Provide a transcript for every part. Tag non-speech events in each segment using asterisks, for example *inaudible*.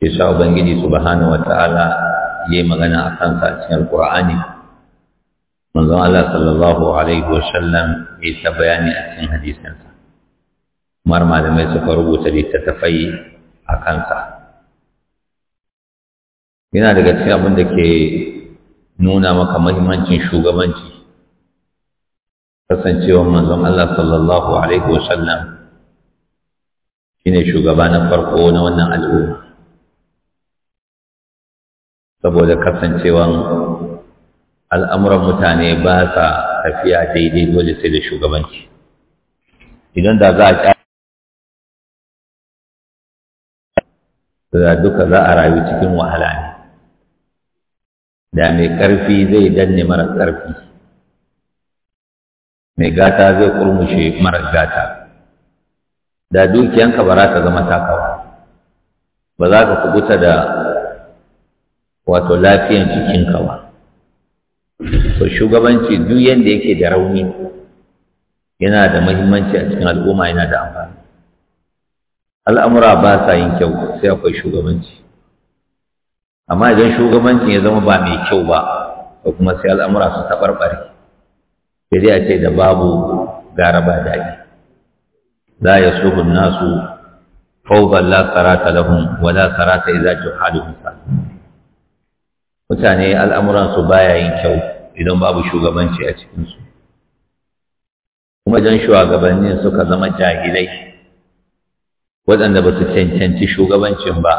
ya sha ubangiji subhanahu wataala yi magana a kansa a cikin qurani manzon Allah sallallahu alaihi wasallam ya ta bayani a cikin hadisansa mar malamai suka rubuta littattafai a kansa yana daga cikin abin da ke nuna maka mahimmancin shugabanci kasancewar manzon Allah sallallahu alaihi wasallam shine shugaba na farko na wannan al'umma saboda kasancewan al'amuran mutane ba sa tafiya daidai dole sai da shugabanci idan da za a da duka za a rayu cikin wahala ne da mai ƙarfi zai danne mara ƙarfi mai gata zai kurmushe mara gata da dukiyanka ba za ka zama takawa ba za ka kubuta da wato lafiyan jikinka ba to shugabanci duk yanda yake da rauni yana da muhimmanci a cikin al'umma yana da amfani al'amura ba sa yin kyau sai akwai shugabanci amma idan shugabancin ya zama ba mai kyau ba ko kuma sai al'amura su taɓarɓare sai dai a ce da babu gara ba daɗi la yasluhu nasu fawda la karata lahum wa la idza juhaluhum mutane al'amuransu baya yin kyau idan babu shugabanci a cikinsu kuma jan shugabannin suka zama jahilai waɗanda ba su cancanci shugabancin ba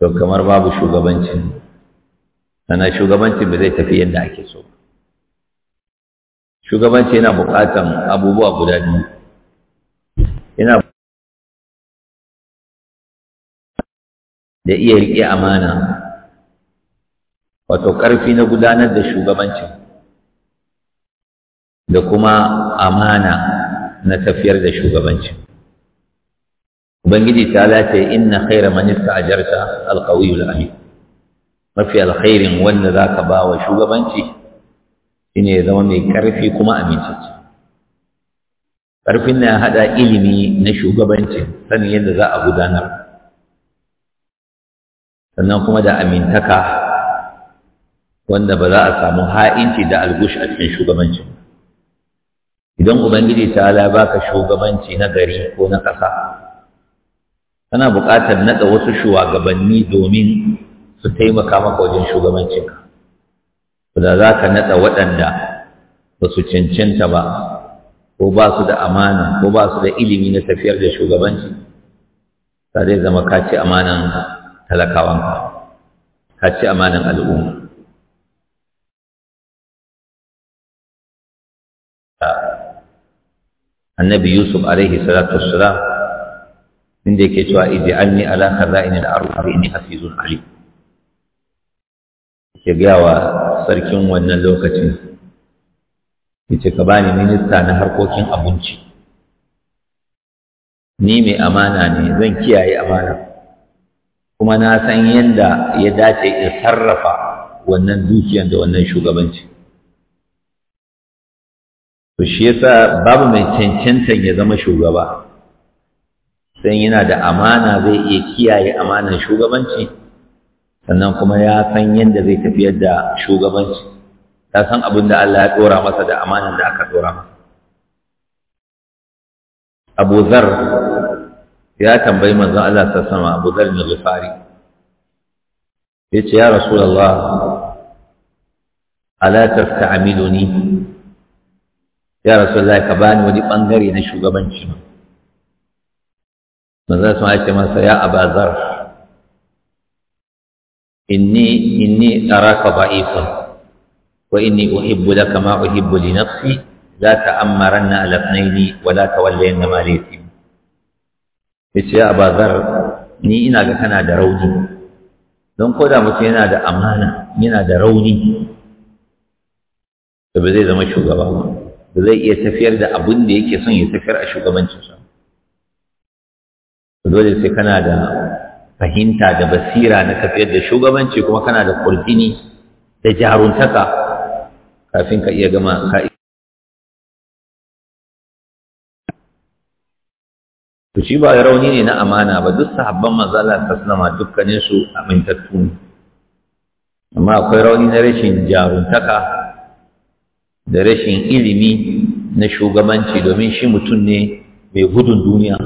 to kamar babu shugabancin sannan shugabancin ba zai tafi yadda ake so shugabanci yana buƙatan abubuwa guda biyu yana da iya riƙe amana wato ƙarfi na gudanar da shugabancin da kuma amana na tafiyar da shugabancin ubangiji ta lace inna khaira man ista'jarta alqawiyul amin mafi alkhairin wanda zaka ba wa shugabanci shine ya zama mai ƙarfi kuma amincacce ƙarfin na haɗa ilimi na shugabanci sanin yadda za a gudanar sannan kuma da amintaka wanda ba za a samu ha'inci da algush a cikin shugabancin idan ubangiji ta ala ka shugabanci na gari ko na ƙasa kana buƙatar naɗa wasu shugabanni domin su taimaka maka wajen shugabancinka da za ka naɗa waɗanda ba su cancanta ba ko ba su da amana ko ba su da ilimi na tafiyar da shugabanci ta zai zama ka ci amanan talakawanka ka ci amanan al'umma annabi yusuf alaihi salatu wassalam inda yake cewa ij'alni ala khaza'in al-ardh fa inni hafizun alim ke gaya wa sarkin wannan lokacin yace ka bani minista na harkokin abinci ni mai amana ne zan kiyaye amana kuma na san yadda ya dace in sarrafa wannan dukiyan da wannan shugabanci to shi yasa babu mai cancanta ya zama shugaba sai yana da amana zai iya kiyaye amanar shugabanci sannan kuma ya san yadda zai tafiyar da shugabanci ya san abin da Allah ya ɗora masa da amanar da aka ɗora masa Abu Zar ya tambayi manzon Allah ta sama Abu Zar ne ya yace ya Rasulullah ala ni ya rasulullahi ka bani wani bangare na shugabanci manzo sun ce masa ya abazar inni inni araka da'ifan wa inni uhibbu laka ma uhibbu li nafsi la ta'ammaranna ala ithnaini wa la tawallayanna ma li yatim yace ya abazar ni ina ga kana da rauni don koda mutum yana da amana yana da rauni da ba zai zama shugaba ba zai iya tafiyar da abin da yake son ya tafiyar a shugabancinsa dole sai kana da fahimta da basira na tafiyar da shugabanci kuma kana da kurjini da jaruntaka kafin ka iya gama ka to shi ba rauni ne na amana ba duk sahabban manzala ta sanama dukkaninsu amintattu ne amma akwai rauni na rashin jaruntaka da rashin ilimi na shugabanci domin shi mutum ne mai gudun duniya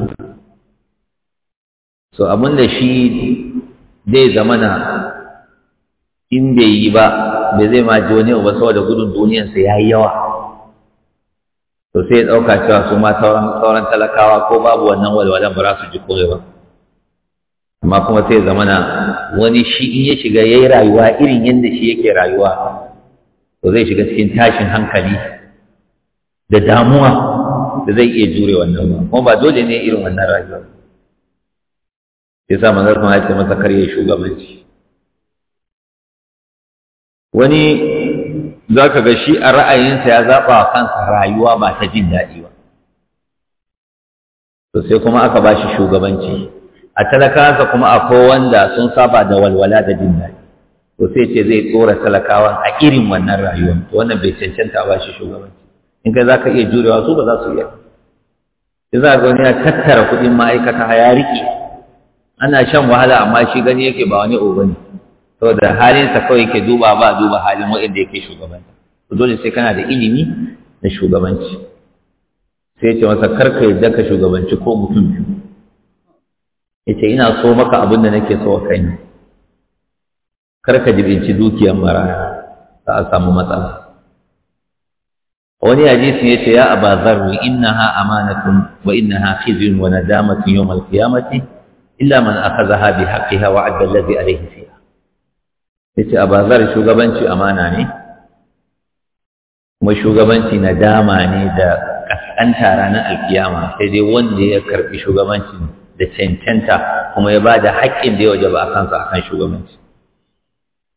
so da shi zai zamana in bai yi ba bai zai ma ji wani ba saboda gudun duniyansa ya yi yawa to sai ya ɗauka cewa su ma sauran talakawa ko babu wannan walwalan ba za su ji kome ba amma kuma sai zamana wani shi in ya shiga ya yi rayuwa irin yadda shi yake rayuwa to zai shiga cikin tashin hankali da damuwa da zai iya jure wannan ba kuma ba dole ne irin wannan rayuwa yasa manzar kuma ya masa karye shugabanci wani za ka ga shi a ra'ayinsa ya zaɓa kansa rayuwa ba ta jin daɗi ba to sai kuma aka ba shi shugabanci a talakansa kuma akwai wanda sun saba da walwala da jin daɗi to sai ce zai tsora talakawa a irin wannan rayuwar wannan bai cancanta ba shi shugabanci in kai za ka iya jurewa su ba za su iya sai za ka wani ya tattara kuɗin ma'aikata ya riƙe ana shan wahala amma shi gani yake ba wani oba ne saboda halinsa kawai yake duba ba duba halin waɗanda yake to dole sai kana da ilimi na shugabanci sai ce masa karka yadda ka shugabanci ko mutum biyu ya ce ina so maka abin da nake so wa kai kar ka jibinci dukiyar maraya za a samu matsala wani hadisi yace ya aba zarri ha amanatun wa innaha khizyun wa nadamatun yawm al-qiyamati illa man akhadhaha bi haqqiha wa adda alladhi alayhi fiha yace a zarri shugabanci amana ne kuma shugabanci nadama ne da kaskanta ranar alkiyama sai dai wanda ya karbi shugabancin da cancanta kuma ya ba da haƙƙin da ya ba a kansa akan shugabanci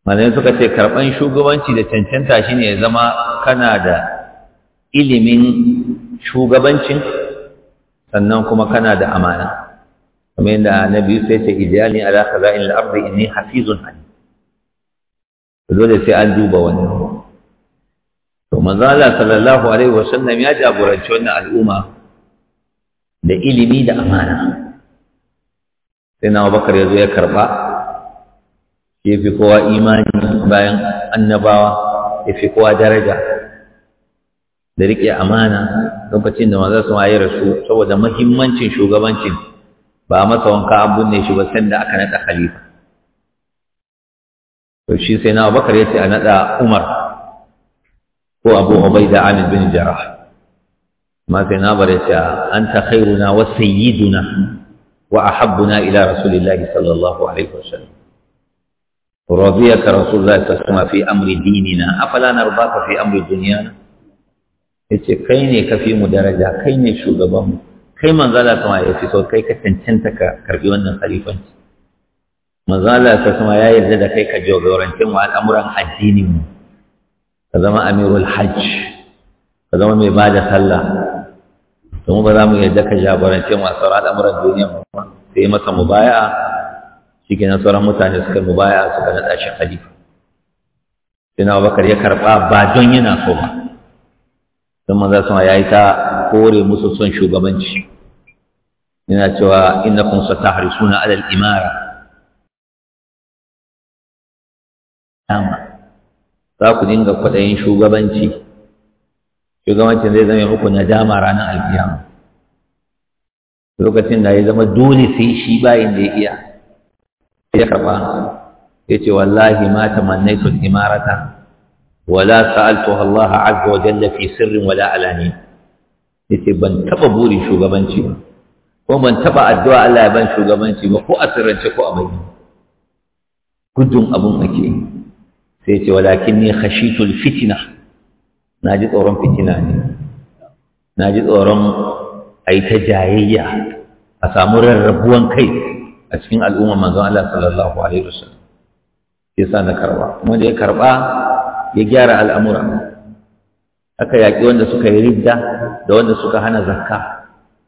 malamai suka ce karɓan shugabanci da cancanta shi ya zama kana da ilimin shugabancin sannan kuma kana da amana kuma yadda na biyu sai ce ijali ala khaza'in al in inni hafizun alim dole sai an duba wannan to maza Allah sallallahu alaihi wa sallam ya jagoranci wannan al'umma da ilimi da amana sai na Abubakar ya zo ya karɓa. ya fi kowa imani bayan annabawa ya fi kowa daraja da riƙe amana lokacin da manzon sama ya rasu saboda mahimmancin shugabancin ba masa wanka abun ne shi ba sanda aka naɗa khalifa to shi sai na Abubakar ya ce a naɗa Umar ko Abu Ubaida Amir bin jarah ma sai na ya ce anta khairuna wa sayyiduna wa ahabbuna ila rasulillahi sallallahu alaihi wasallam رضيك رسول الله صلى الله عليه وسلم في أمر ديننا أفلا yace kai ne ka fi mu daraja kai ne mu? kai manzala kuma ya fi so kai ka cancanta ka karbi wannan khalifanci manzala ta kuma ya yarda da kai ka jagorance mu al'amuran addinin mu ka zama amirul hajj ka zama mai ba da sallah domin ba za mu yarda ka jagorance mu a sauran al'amuran duniya mu sai masa mubaya'a shi kenan sauran mutane suka mu baya suka naɗa shi khalifa sai abubakar ya karɓa ba don yana so ba don manzo sama ya yi ta kore musu son shugabanci yana cewa ina harisu na alal imara dama za ku dinga kwaɗayin shugabanci shugabancin zai zama muku dama ranar alfiyama lokacin da ya zama dole sai shi bayin da ya iya ya karba yace ce wallahi ma tamannaitu imarata wala sa'altuha Allah azza wa jalla fi sirrin wala alani yace ban taba burin shugabanci ba ko ban taba addu'a Allah ya ban shugabanci ba ko a sirrance ko a bayyane gudun abun ake yi sai ce walakin ni khashitul fitina na ji tsoron fitina ne na ji tsoron a yi ta jayayya a samu rarrabuwan kai a cikin al'ummar manzon Allah sallallahu alaihi wasallam yasa na karba kuma da ya karba ya gyara al'amura aka yaƙi wanda suka yi ridda da wanda suka hana zakka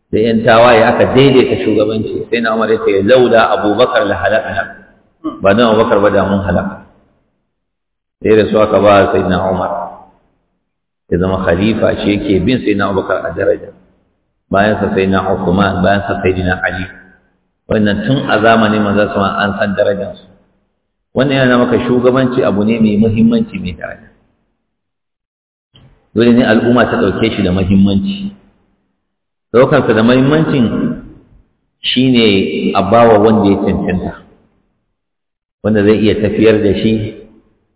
da yan tawaye aka daidaita shugabanci sai na Umar ya laula Abubakar la halakana ba na Abubakar ba da mun halaka sai da su aka ba sai na Umar ya zama khalifa shi yake bin sai na Abubakar a daraja bayan sa sai na Uthman bayan sa sai na Ali wannan tun a zamani su sama an san su wannan yana maka shugabanci abu ne mai muhimmanci mai daraja dole ne al'umma ta ɗauke shi da muhimmanci ka da muhimmancin shine a bawa wanda ya cancanta wanda zai iya tafiyar da shi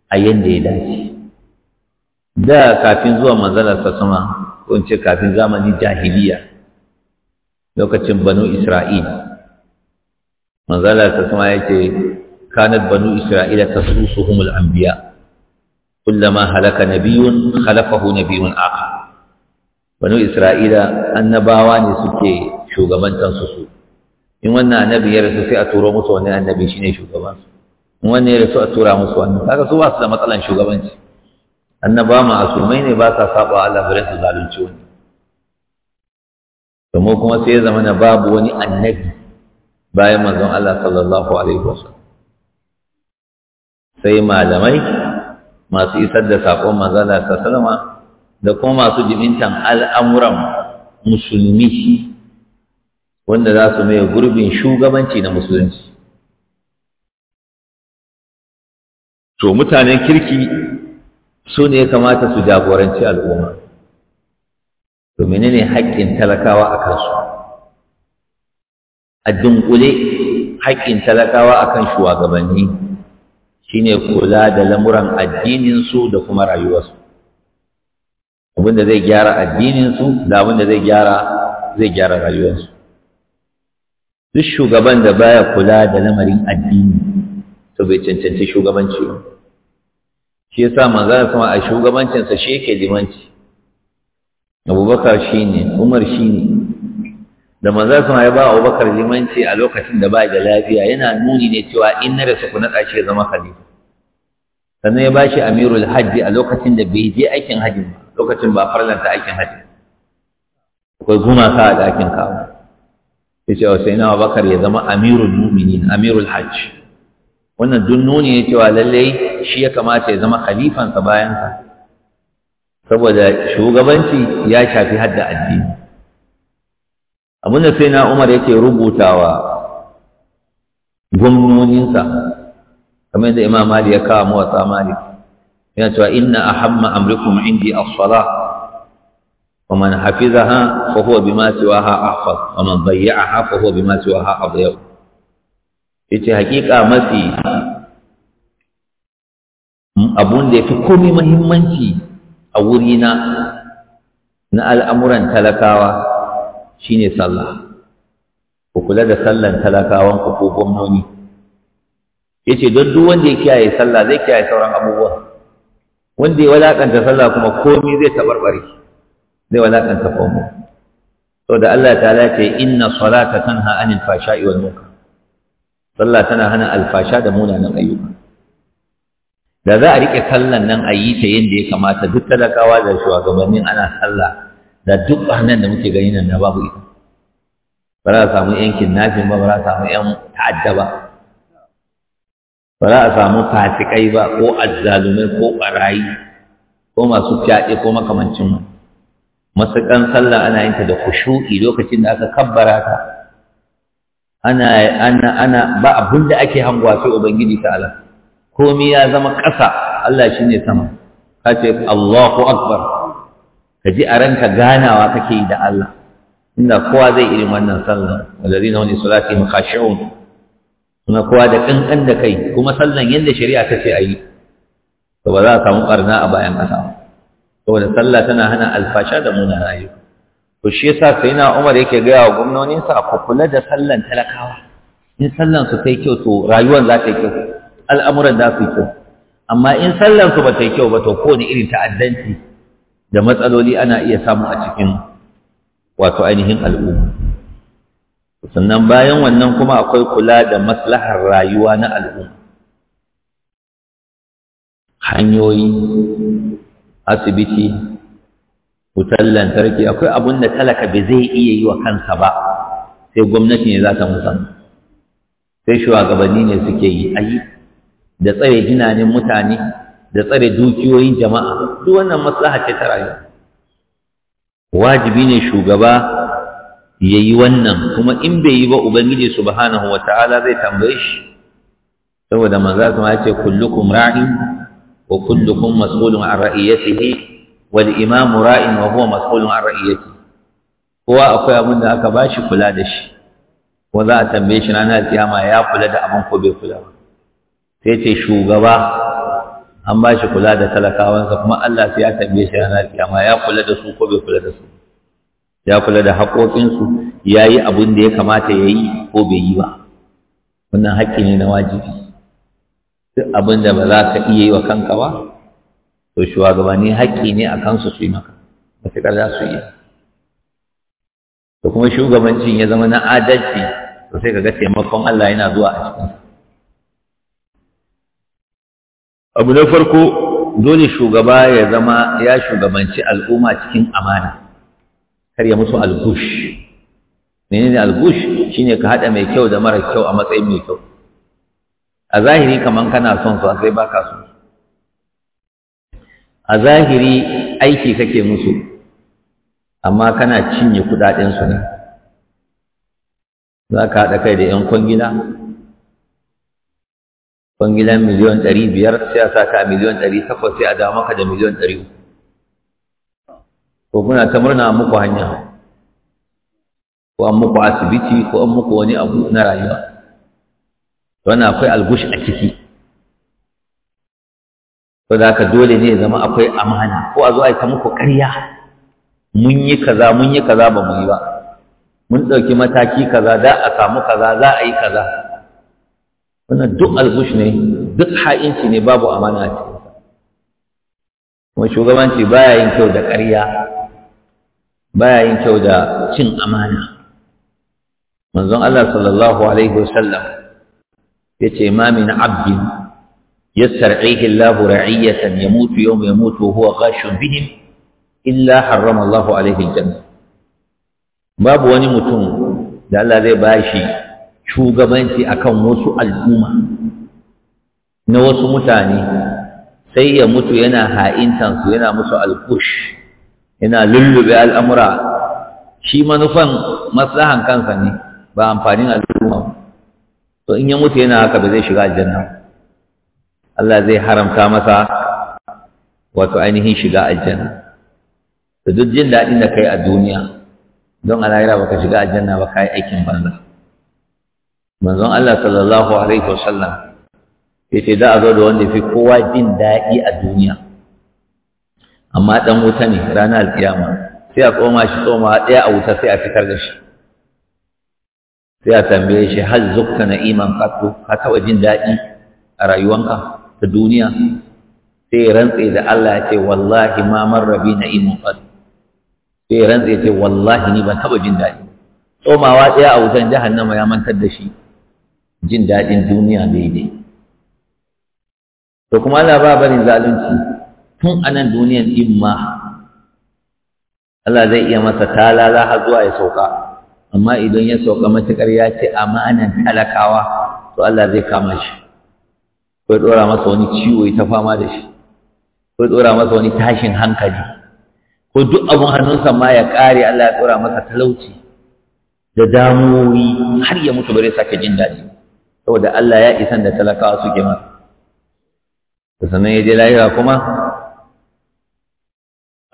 a yadda ya dace da kafin zuwa manzalar sassama ko in ce kafin zamani jahiliya lokacin banu isra'ila manzala ta kuma yace kanat banu isra'ila tasusuhumul anbiya kullama halaka nabiyyun na biyun aka. banu isra'ila annabawa ne suke shugabantan su su in wannan annabi ya rasu sai a turo musu wani annabi shi ne shugaban su in wannan ya rasu a tura musu wannan kaga su ba su da matsalan shugabanci annaba sumai ne ba sa saba Allah bare su zalunci wani to mu kuma sai ya zama na babu wani annabi bayan manzon Allah sallallahu alaihi wasallam sai malamai masu isar da saƙon manzala Allah sallallahu da kuma masu jimintan al'amuran musulmi wanda za su mai gurbin shugabanci na musulunci to mutanen kirki su ne kamata su jagoranci al'umma to menene haƙƙin talakawa a kansu a dunkule haƙƙin talakawa a kan shugabanni shi ne kula da lamuran addininsu da kuma rayuwarsu abinda zai gyara addininsu da abinda zai gyara zai gyara rayuwarsu duk shugaban da baya kula da lamarin addini to bai cancanci shugabanci ba shi yasa manzon sama a shugabancinsa shi yake limanci abubakar shi ne, umar shi ne. da manzon sama ya ba Abubakar limanci a lokacin da ba da lafiya yana nuni ne cewa in na rasu ku naɗa shi ya zama khalifa sannan ya ba shi amirul hajji a lokacin da bai je aikin hajji ba lokacin ba farlanta aikin hajji akwai gumaka a ɗakin kawo ya ce oh, sai na Abubakar ya zama amirul mumini amirul hajji wannan duk nuni ne cewa lallai shi ya kamata ya zama khalifansa bayansa saboda shugabanci ya shafi hadda addini abinda sai na umar yake rubutawa gwamnoninsa kamar yadda imam mali ya kawo mawatsa mali yana cewa inna ahamma amrikum indi as-sala wa man hafizaha fa huwa bima siwaha ahfaz wa man dayya'aha fa huwa bima siwaha adyab yace hakika mafi abun da yafi komai muhimmanci a wurina na al'amuran talakawa shine sallah ku kula da sallan talakawan ku ko gwamnoni yace don duk wanda ya kiyaye sallah zai kiyaye sauran abubuwa wanda ya walakanta sallah kuma komai zai tabarbare zai walakanta komai to da Allah ta'ala ce inna salata tanha anil fashai wal munkar sallah tana hana alfasha da munanan ayyuka da za a rike sallan nan a yi ta yadda ya kamata duk talakawa da shugabannin ana sallah da duk barnan da muke gani nan na babu ita ba za a samu yankin nafin ba ba za a samu yan ta'adda ba ba za a samu fasikai ba ko azzalumai ko barayi ko masu fyaɗe ko makamancin mu masukan sallah ana yin ta da khushu'i lokacin da aka kabbara ta ana ana ana ba abin da ake hangwa sai ubangiji ta'ala komai ya zama ƙasa Allah shine sama kace Allahu akbar ka ji a ranka ganawa kake yi da Allah inda kowa zai irin wannan sallah walladina hum li salatihim khashi'un kuma kowa da ƙanƙan da kai kuma sallan yadda shari'a ta ce a yi, to ba za a samu barna a bayan ƙasa saboda sallah tana hana alfasha da munanan ayyuka to shi yasa sayyidina Umar yake gaya wa gwamnoninsa ku kula da sallan talakawa in sallan su kai kyau to rayuwar za ta yi kyau al'amuran za su yi kyau amma in sallan su ba ta yi kyau ba to kowane irin ta'addanci da matsaloli ana iya samu a cikin wato ainihin al'umma sannan bayan wannan kuma akwai kula da maslahar rayuwa na al'umma hanyoyi asibiti wutar lantarki akwai abun da talaka bai zai iya yi wa kansa ba sai gwamnati ne za ta musamman sai shugabanni ne suke yi ayi da tsare jinanin mutane da tsare dukiyoyin jama'a duk wannan maslaha ce ta rayuwa wajibi ne shugaba ya yi wannan kuma in bai yi ba ubangiji subhanahu wa ta'ala zai tambaye shi saboda manzo kuma ce kullukum ra'in wa kullukum mas'ulun an ra'iyatihi wal imamu ra'in wa huwa mas'ulun an ra'iyati kowa akwai abin da aka bashi kula da shi ko za a tambaye shi ranar kiyama ya kula da abin ko bai kula ba sai ce shugaba an ba shi kula da talakawansa kuma Allah sai ya tambaye shi ranar kiyama ya kula da su ko bai kula da su ya kula da haƙoƙinsu ya yi abin da ya kamata ya yi ko bai yi ba wannan haƙƙi ne na wajibi duk abin da ba za ka iya yi wa kanka ba to shugabanni haƙƙi ne a kansu su yi maka matuƙar za su yi to kuma shugabancin ya zama na adalci to sai ka ga taimakon Allah yana zuwa a cikinsa abu na farko dole shugaba ya zama ya shugabanci al'umma cikin amana kar ya musu ne menene Shi shine ka hada mai kyau da mara kyau a matsayin mai kyau a zahiri kaman kana son su sai baka so a zahiri aiki kake musu amma kana cinye kudaden su ne za ka haɗa kai da 'yan kwangila gidan miliyon ɗari biyar sai a saka a miliyon ɗari takwas sai a dawo maka da miliyon ɗari uku ko muna ta murna muku hanya ko an muku asibiti ko an muku wani abu na rayuwa wannan akwai algush a ciki ko da haka dole ne ya zama akwai amana ko a zo a yi ta muku ƙarya mun yi kaza mun yi kaza ba mu yi ba mun ɗauki mataki kaza da a samu kaza za a yi kaza wannan duk algush ne duk ha'inci ne babu amana a cikinsa kuma shugabanci baya yin kyau da ƙarya baya yin kyau da cin amana manzon Allah sallallahu alaihi wasallam ya ce ma min abdin yastar'ihi Allah ra'iyatan yamutu yawma yamutu huwa ghashun bihim illa harrama Allah alaihi aljanna babu wani mutum da Allah zai bashi shugabanci akan wasu al'umma na wasu mutane sai ya mutu yana ha'intansu yana musu alkush yana lullube al'amura shi manufan maslahan kansa ne ba amfanin al'umma to in ya mutu yana haka ba zai shiga aljanna Allah zai haramta masa wato ainihin shiga aljanna da duk jin daɗin da kai a duniya don a lahira baka shiga aljanna ba kai aikin banza manzon Allah sallallahu alaihi wasallam ce da a zo da wanda fi kowa jin daɗi a duniya amma dan wuta ne ranar alkiyama sai a koma shi tsoma ɗaya a wuta sai a fitar da shi sai a tambaye shi har zukta na'iman Kato ka taɓa jin daɗi a rayuwanka ta duniya sai rantse da Allah ya ce wallahi ma marra bi na'imun qattu sai rantse ce wallahi ni ban taɓa jin daɗi tsomawa ɗaya a wutan jahannama ya mantar da shi jin daɗin duniya daidai to kuma Allah ba barin zalunci tun a nan duniyan din ma Allah zai iya masa talala har zuwa ya sauka amma idan ya sauka matuƙar ya ce a ma'anan talakawa to Allah zai kama shi ko ɗora masa wani ciwo ta fama da shi ko ɗora masa wani tashin hankali ko duk abun hannunsa ma ya ƙare Allah ya ɗora masa talauci da damuwoyi har ya mutu bare sake jin daɗi saboda Allah ya isan da talakawa suke masa Da sannan ya je lahira kuma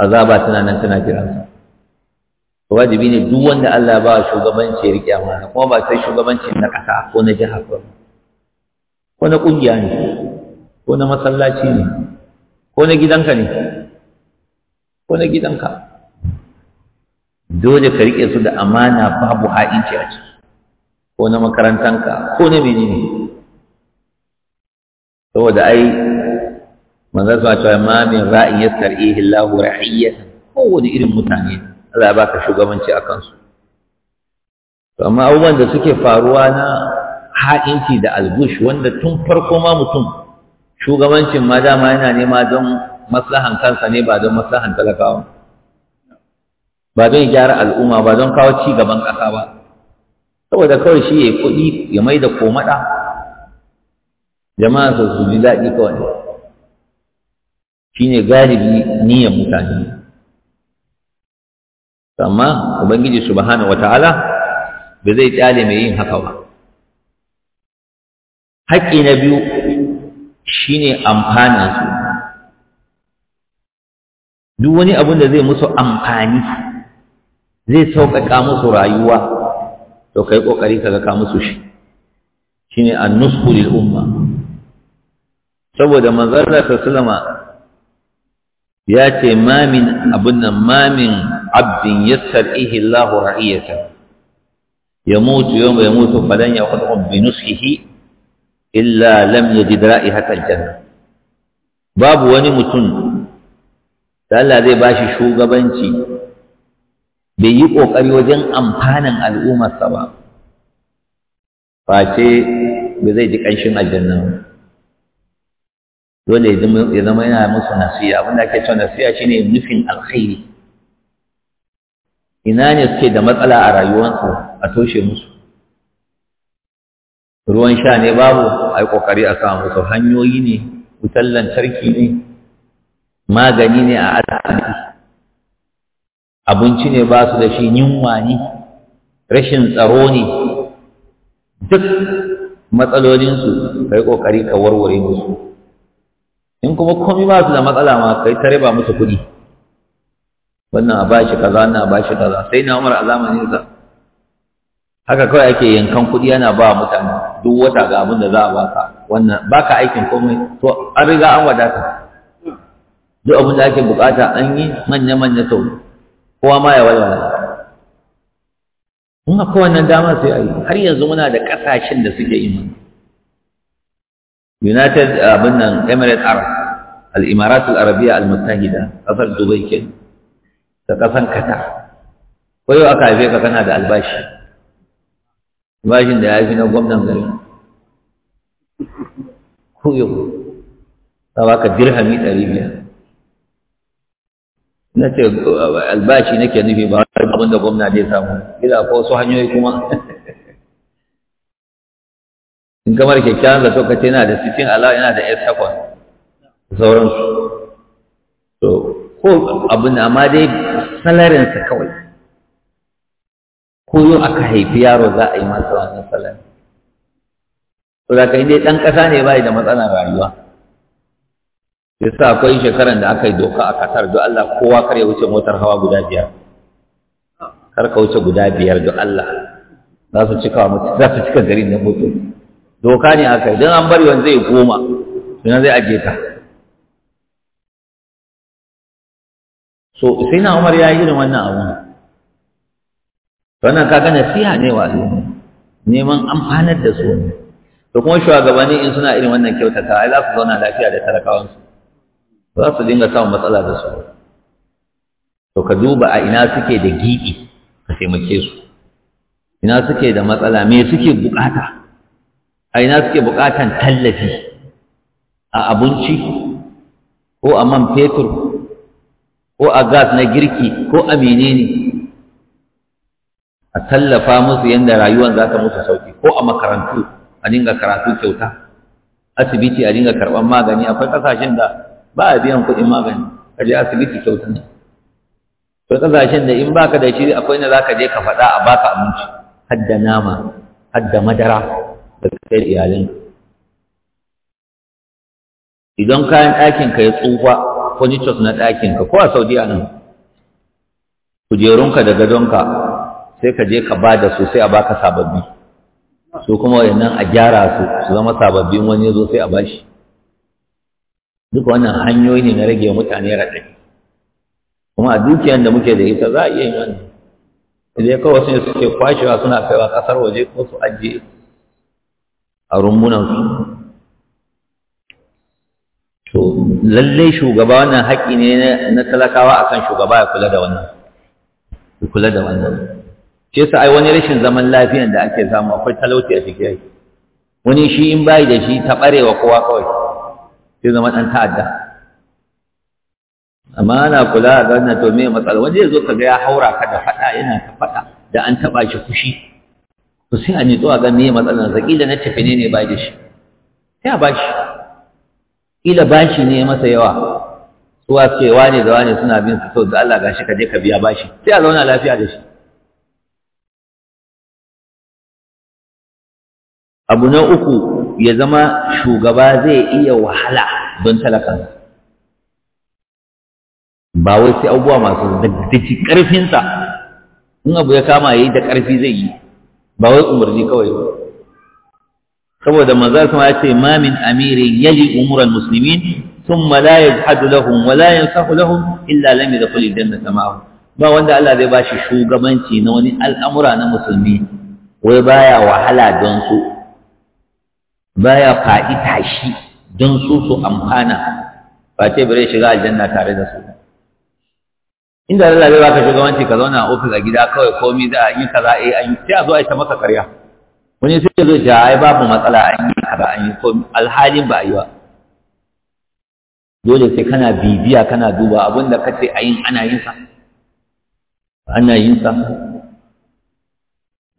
azaba tana nan tana jiransa wajibi ne duk wanda Allah ba shugabanci ya riƙe amana kuma ba sai shugabanci na ƙasa ko na jiha ba ko na ƙungiya ne ko na masallaci ne ko na gidanka ne ko na gidanka dole ka riƙe su da amana babu ha'inci a ciki ko na makarantanka ko na ne saboda ai manzo sa cewa ma min ra'in yastar'ihi Allahu ra'iyatan kowane irin mutane Allah ya baka shugabanci a kansu to amma abubuwan da suke faruwa na ha'inci da albush wanda tun farko ma mutum shugabancin ma dama yana nema don maslahan kansa ne ba don maslahan talakawa ba don gyara al'umma ba don kawo ci gaban ƙasa ba saboda kawai shi ya kuɗi ya mai da komaɗa jama'a su su ji daɗi kawai shi ne galibi niyyar mutane amma ubangiji wa ta'ala ba zai ƙyale mai yin haka ba haƙƙi na biyu shi ne amfana su duk wani abin da zai musu amfani zai sauƙaƙa musu rayuwa to kai kokari kaga ka musu shi shine an umma saboda manzon Allah sallama ya ce ma min abun ma min abdin yasalihi Allahu ra'iyatan يموت falan يموت um bi يخلق بنسخه إلا لم يجد رائحة janna Babu wani mutum. da Allah zai bashi shugabanci bai yi ƙoƙari wajen amfanin al'ummarsa ba face ba zai ji ƙanshin aljanna dole ya zama yana musu nasiya abinda ake cewa nasiya shine nufin alkhairi ina ne suke da matsala a rayuwarsu a toshe musu ruwan sha ne babu a yi ƙoƙari a samu musu hanyoyi ne wutar lantarki ne magani ne a asibiti abinci ne ba su da shi yunwa ne rashin tsaro ne duk matsalolinsu kai kokari ƙoƙari ka warware musu in kuma komai ba su da matsala ma kai ta riba musu kuɗi wannan a bashi kaza wannan a bashi kaza sai na umar a zamanin sa haka kawai ake yankan kuɗi yana ba mutane duk wata ga abin da za a baka wannan baka aikin komai to an riga an wadata duk abin da ake bukata an yi manya-manya sau kowa ma ya walwala in akwai wannan dama sai a yi har yanzu muna da ƙasashen da suke yi united abin nan emirates arab al-imarat al arabiya al-mustahida ƙasar dubai ke da ƙasan qatar ko yau aka haife ka kana da albashi albashin da ya fi na gwamnan gari ko yau ta baka dirhami ɗari biyar na ce albashi nake nufi ba wani abin da gwamna zai samu gida ko wasu hanyoyi kuma in kamar kyakkyawan zato ka ce yana da sitin alawa yana da s da sauransu to ko abin amma dai salarinsa kawai ko yau aka haifi yaro za a yi masa wannan salari to da ka inda ɗan ƙasa ne bai da matsalar rayuwa yasa akwai shekaran da aka yi doka a kasar don Allah kowa kar ya wuce motar hawa guda biyar kar ka wuce guda biyar don Allah za su cika mutu za su cika garin na mutu doka ne aka yi don an bari wani zai goma suna zai aje ta so sai na umar ya yi irin wannan abu wannan ka gane nasiha ne wa al'umma neman amfanar da su ne to kuma shugabanni in suna irin wannan kyautata ai za su zauna lafiya da talakawansu za su dinga samun matsala da su to ka duba a ina suke da giɓi ka taimake su ina suke da matsala me suke bukata a ina suke bukatan tallafi a abinci ko a man fetur ko a gas na girki ko a menene a tallafa musu yadda rayuwan za ta musu sauki ko a makarantu a dinga karatu kyauta asibiti a dinga karɓar magani akwai ƙasashen da ba a biyan kuɗin magani a je asibiti kyauta ne to kasashen da in baka da shi akwai na zaka je ka faɗa a baka abinci hadda nama hadda madara da kai iyalin idan kayan ɗakin ka ya tsufa furnitures na ɗakin ka ko a saudiya nan kujerunka da gadonka sai ka je ka ba da su sai a baka sababbi su kuma wayannan a gyara su su zama sababbin wani ya zo sai a bashi duka wannan hanyoyi ne na rage wa mutane raɗaɗi kuma a dukiyar da muke da ita za a iya yi wannan idan kawai sun suke kwashewa suna kaiwa ƙasar waje ko su ajiye a rumbunansu to lallai shugaba wannan haƙƙi ne na talakawa akan shugaba ya kula da wannan ya kula da wannan ce sa ai wani rashin zaman lafiyan da ake samu akwai talauci a cikin wani shi in bayi da shi ta ɓarewa kowa kawai sai zama ɗan ta'adda amma ana kula a wannan to me matsala wanda zai zo kaga ya haura ka da faɗa yana ta faɗa da an taɓa shi fushi to sai a nitsuwa ga me matsalar sa da na tafi ne ne ba da shi sai a bashi kila bashi ne masa yawa suwa ce wane da wane suna bin su to da Allah gashi ka je ka biya bashi sai a zauna lafiya da shi abu na uku ya zama shugaba zai iya wahala don talakansa ba wai sai abubuwa masu da ci ƙarfinsa in abu ya kama ya yi da ƙarfi zai yi ba wai umarni kawai ba saboda manzar kuma ya ce ma min amirin yali umuran muslimin ثم lahum wa la ولا ينصح لهم إلا لم يدخل janna معهم ba wanda Allah zai bashi shugabanci na wani al'amura na musulmi wai baya wahala don su baya faɗi tashi don su su amfana ba ce bare shiga aljanna tare da su inda Allah zai baka shugabanci ka zauna a ofis a gida kawai komai za a yi kaza eh an yi sai a zo a ta maka karya wani sai ya zo ya ai babu matsala an yi kaza an yi komi alhalin ba a yi ba dole sai kana bibiya kana duba abinda kace ayin ana yin sa ana yin sa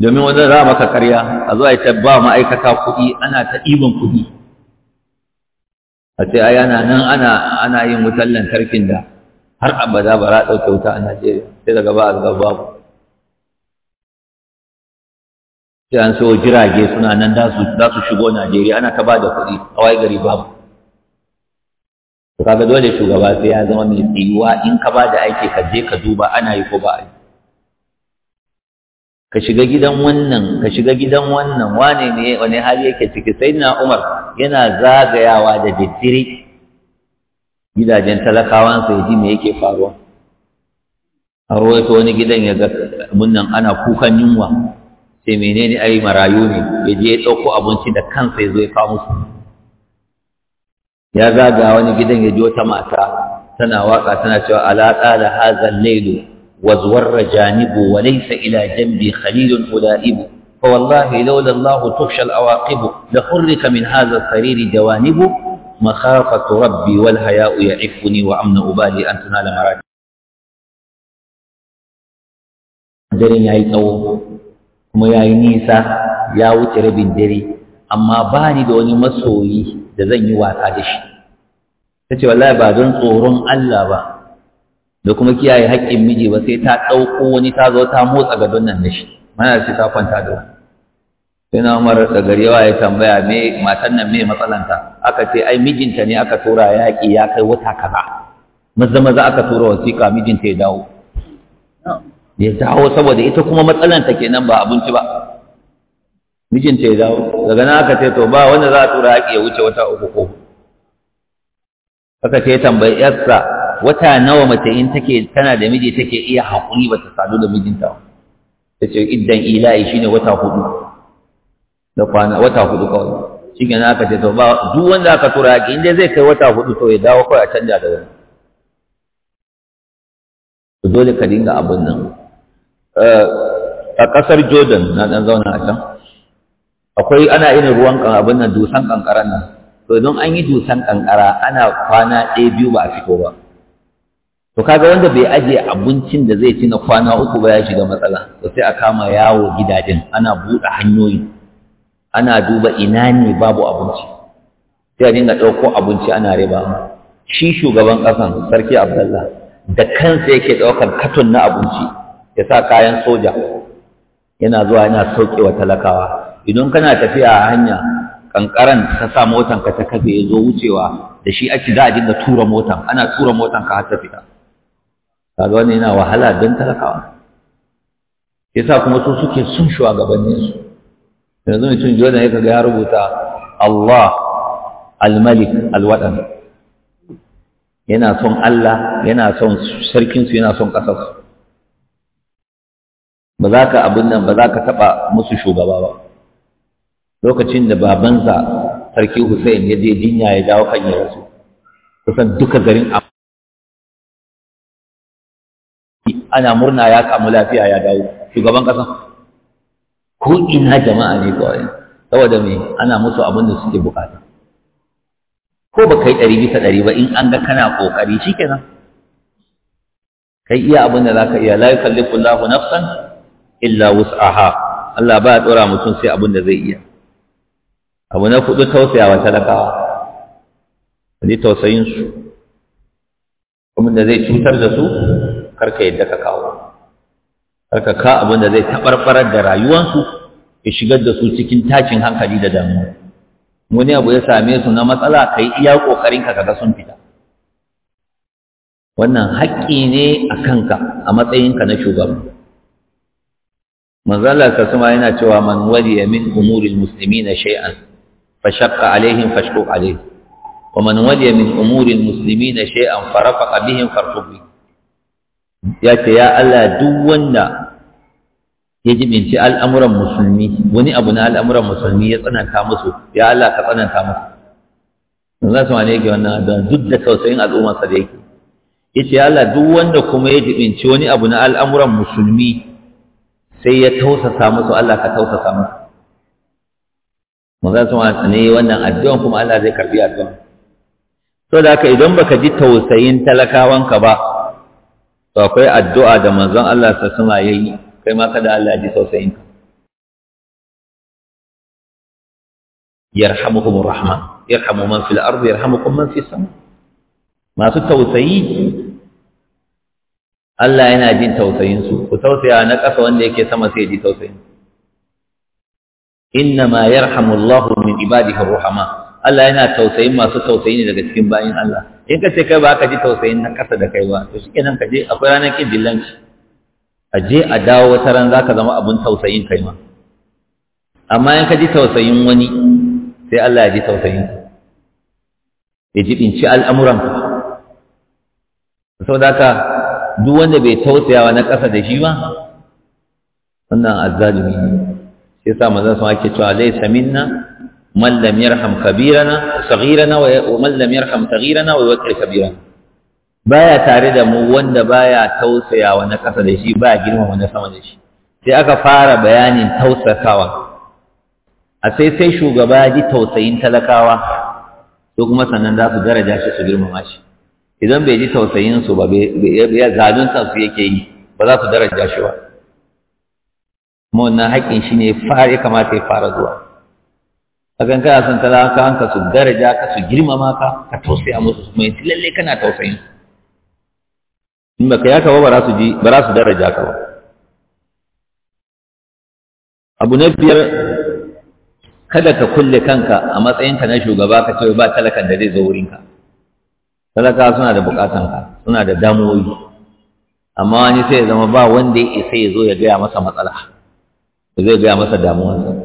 domin wanda za maka karya a zuwa ita ba ma'aikata kuɗi ana ta ɗiban kuɗi a ce ai ana nan ana yin wutar lantarkin da har abada ba za a ɗauke wuta a najeriya sai daga ba a ga babu sai an so jirage suna nan za su shigo najeriya ana ta ba da kuɗi a wai gari babu kaga dole shugaba sai ya zama mai tsayuwa in ka ba da aiki ka je ka duba ana yi ko ba a yi ka shiga gidan wannan ka shiga gidan wannan wane ne wani hali yake ciki sai na umar yana zagayawa da daddare gidajen talakawan ya ji me yake faruwa a rawaito wani gidan ya ga munnan ana kukan yunwa sai menene ayi marayu ne ya je ya ɗauko abinci da kansa ya zo ya kawo musu ya zaga wani gidan ya ji wata mata tana waka tana cewa ala da hazal lailu وازور جانب وليس إلى جنبي خليل ألائب فوالله لولا الله تخشى الأواقب لحرك من هذا السرير جوانب مخافة ربي والهياء يعفني وأمن أبالي أن تنال مراتب daren ya yi tsawo kuma ya yi nisa ya wuce rabin dare amma ba ni da wani masoyi da zan yi wasa da shi ta ce wallahi ba don tsoron Allah ba da kuma kiyaye haƙƙin miji ba sai ta ɗauko wani ta zo ta motsa gadon nan da shi mana ce ta kwanta da wani sai na umar da garewa ya tambaya me matan nan me matsalanta aka ce ai mijinta ne aka tura yaƙi ya kai wata kaza maza maza aka tura wasiƙa mijinta ya dawo ya dawo saboda ita kuma matsalanta kenan ba abinci ba mijinta ya dawo daga nan aka ce to ba wanda za a tura yaƙi ya wuce wata uku ko aka ce tambayi yarsa wata nawa mace in take tana da miji take iya haƙuri ba ta sadu da mijinta ta ce iddan ila'i shine wata hudu da kwana wata hudu kawai shi ke aka ce to ba duk wanda aka tura yaƙi inda zai kai wata hudu to ya dawo kawai a canja da wani dole ka dinga abin nan eh, a ƙasar jordan na ɗan zauna a can akwai ana irin ruwan abin nan dusan ƙanƙara nan to don an yi dusan ƙanƙara ana kwana ɗaya biyu ba a fito ba to kaga wanda bai ajiye abincin da zai ci na kwana uku ba ya shiga matsala to sai a kama yawo gidajen ana buɗe hanyoyi ana duba ina ne babu abinci sai a dinga ɗauko abinci ana riba shi shugaban ƙasan sarki abdallah da kansa yake ɗaukar katon na abinci ya sa kayan soja yana zuwa yana sauke wa talakawa idan kana tafiya a hanya kankaran ta sa motanka ta kafe ya zo wucewa da shi ake za a dinga tura motan ana tura motanka har ta fita kaga yana wahala don talakawa yasa kuma su suke sun shugabannin su yanzu mutum jona ya kaga ya rubuta Allah al-Malik al-Wadan yana son Allah yana son sarkin su yana son kasar su ba za ka abin nan ba za ka taba musu shugaba ba lokacin da babansa sarki Hussein ya je jinya ya dawo kan ya su kusan duka garin a ana murna ya kamu lafiya ya dawo shugaban ƙasa ko ina jama'a ne kawai saboda me ana musu abin da suke bukata ko ba kai ɗari bisa ɗari ba in an ga kana ƙoƙari shikenan kai iya abin da zaka iya la yukallifu Allahu nafsan illa wus'aha Allah ba ya dora mutum sai abin da zai iya abu na kudu tausayawa talakawa wani tausayin su kuma da zai cutar da su karka yadda ka kawo karka ka abin da zai tabarbarar da rayuwansu ya shigar da su cikin takin hankali da damuwa wani abu ya same su na matsala kai iya kokarin ka kaga sun fita wannan haƙƙi ne a kanka a matsayinka na shugaba manzala ka suma yana cewa man waliya min umuril muslimina shay'an fashaqqa alaihim fashquq alaihim wa man waliya min umuril muslimina shay'an farafaqa bihim farfuq bihim ya ce ya Allah duk wanda ya jibinci al'amuran musulmi wani abu na al'amuran musulmi ya tsananta musu ya Allah ka tsananta musu za su wane yake wannan addu'a duk da tausayin al'ummarsa da yake ya ce ya Allah duk wanda kuma ya jibinci wani abu na al'amuran musulmi sai ya tausasa musu Allah ka tausasa musu maza su ne wannan addu'an kuma Allah zai karbi addu'an so da haka idan baka ji tausayin talakawanka ba to akwai addu'a da manzon Allah sa sama yayi kai ma kada Allah ji tausayin ka yarhamuhumur rahman yarhamu man fil ardi yarhamukum man fis sama masu tausayi Allah yana jin tausayin su ku tausaya na ƙasa wanda yake sama sai ji tausayin innama yarhamullahu min ibadihi arrahama Allah yana tausayin masu tausayi ne daga cikin bayin Allah in ka ce kai ba ka ji tausayin na ƙasa da kai ba to kenan ka je akwai ranar kin dillanci a je a dawo wata ran ka zama abun tausayin kai ma amma in ka ji tausayin wani sai Allah ya ji tausayin ka ya ji binci al'amuran ka saboda ka duk wanda bai tausayawa na ƙasa da shi ba wannan azzalumi ne sai sa manzon sa ake cewa laysa minna من لم يرحم كبيرنا صغيرنا ومن لم يرحم baya tare da mu wanda baya tausaya wa na kasa da shi baya girma wa na sama da shi sai aka fara bayanin tausakawa a sai sai shugaba ji tausayin talakawa to kuma sannan za su daraja shi su girmama shi idan bai ji tausayin su ba ya su yake yi ba za su daraja shi ba kuma wannan haƙƙin shi ne ya kamata ya fara zuwa kan kana son talaka hanka su daraja ka su girmama ka ka tausaya musu su mai lalle kana tausayin in baka ya ba ba za su ji ba za su daraja ka ba abu na biyar kada ka kulle kanka a matsayinka na shugaba ka ce ba talakan da zai zo wurinka talaka suna da ka, suna da damuwoyi amma wani sai ya zama ba wanda ya isa ya zo ya gaya masa matsala zai gaya masa damuwarsa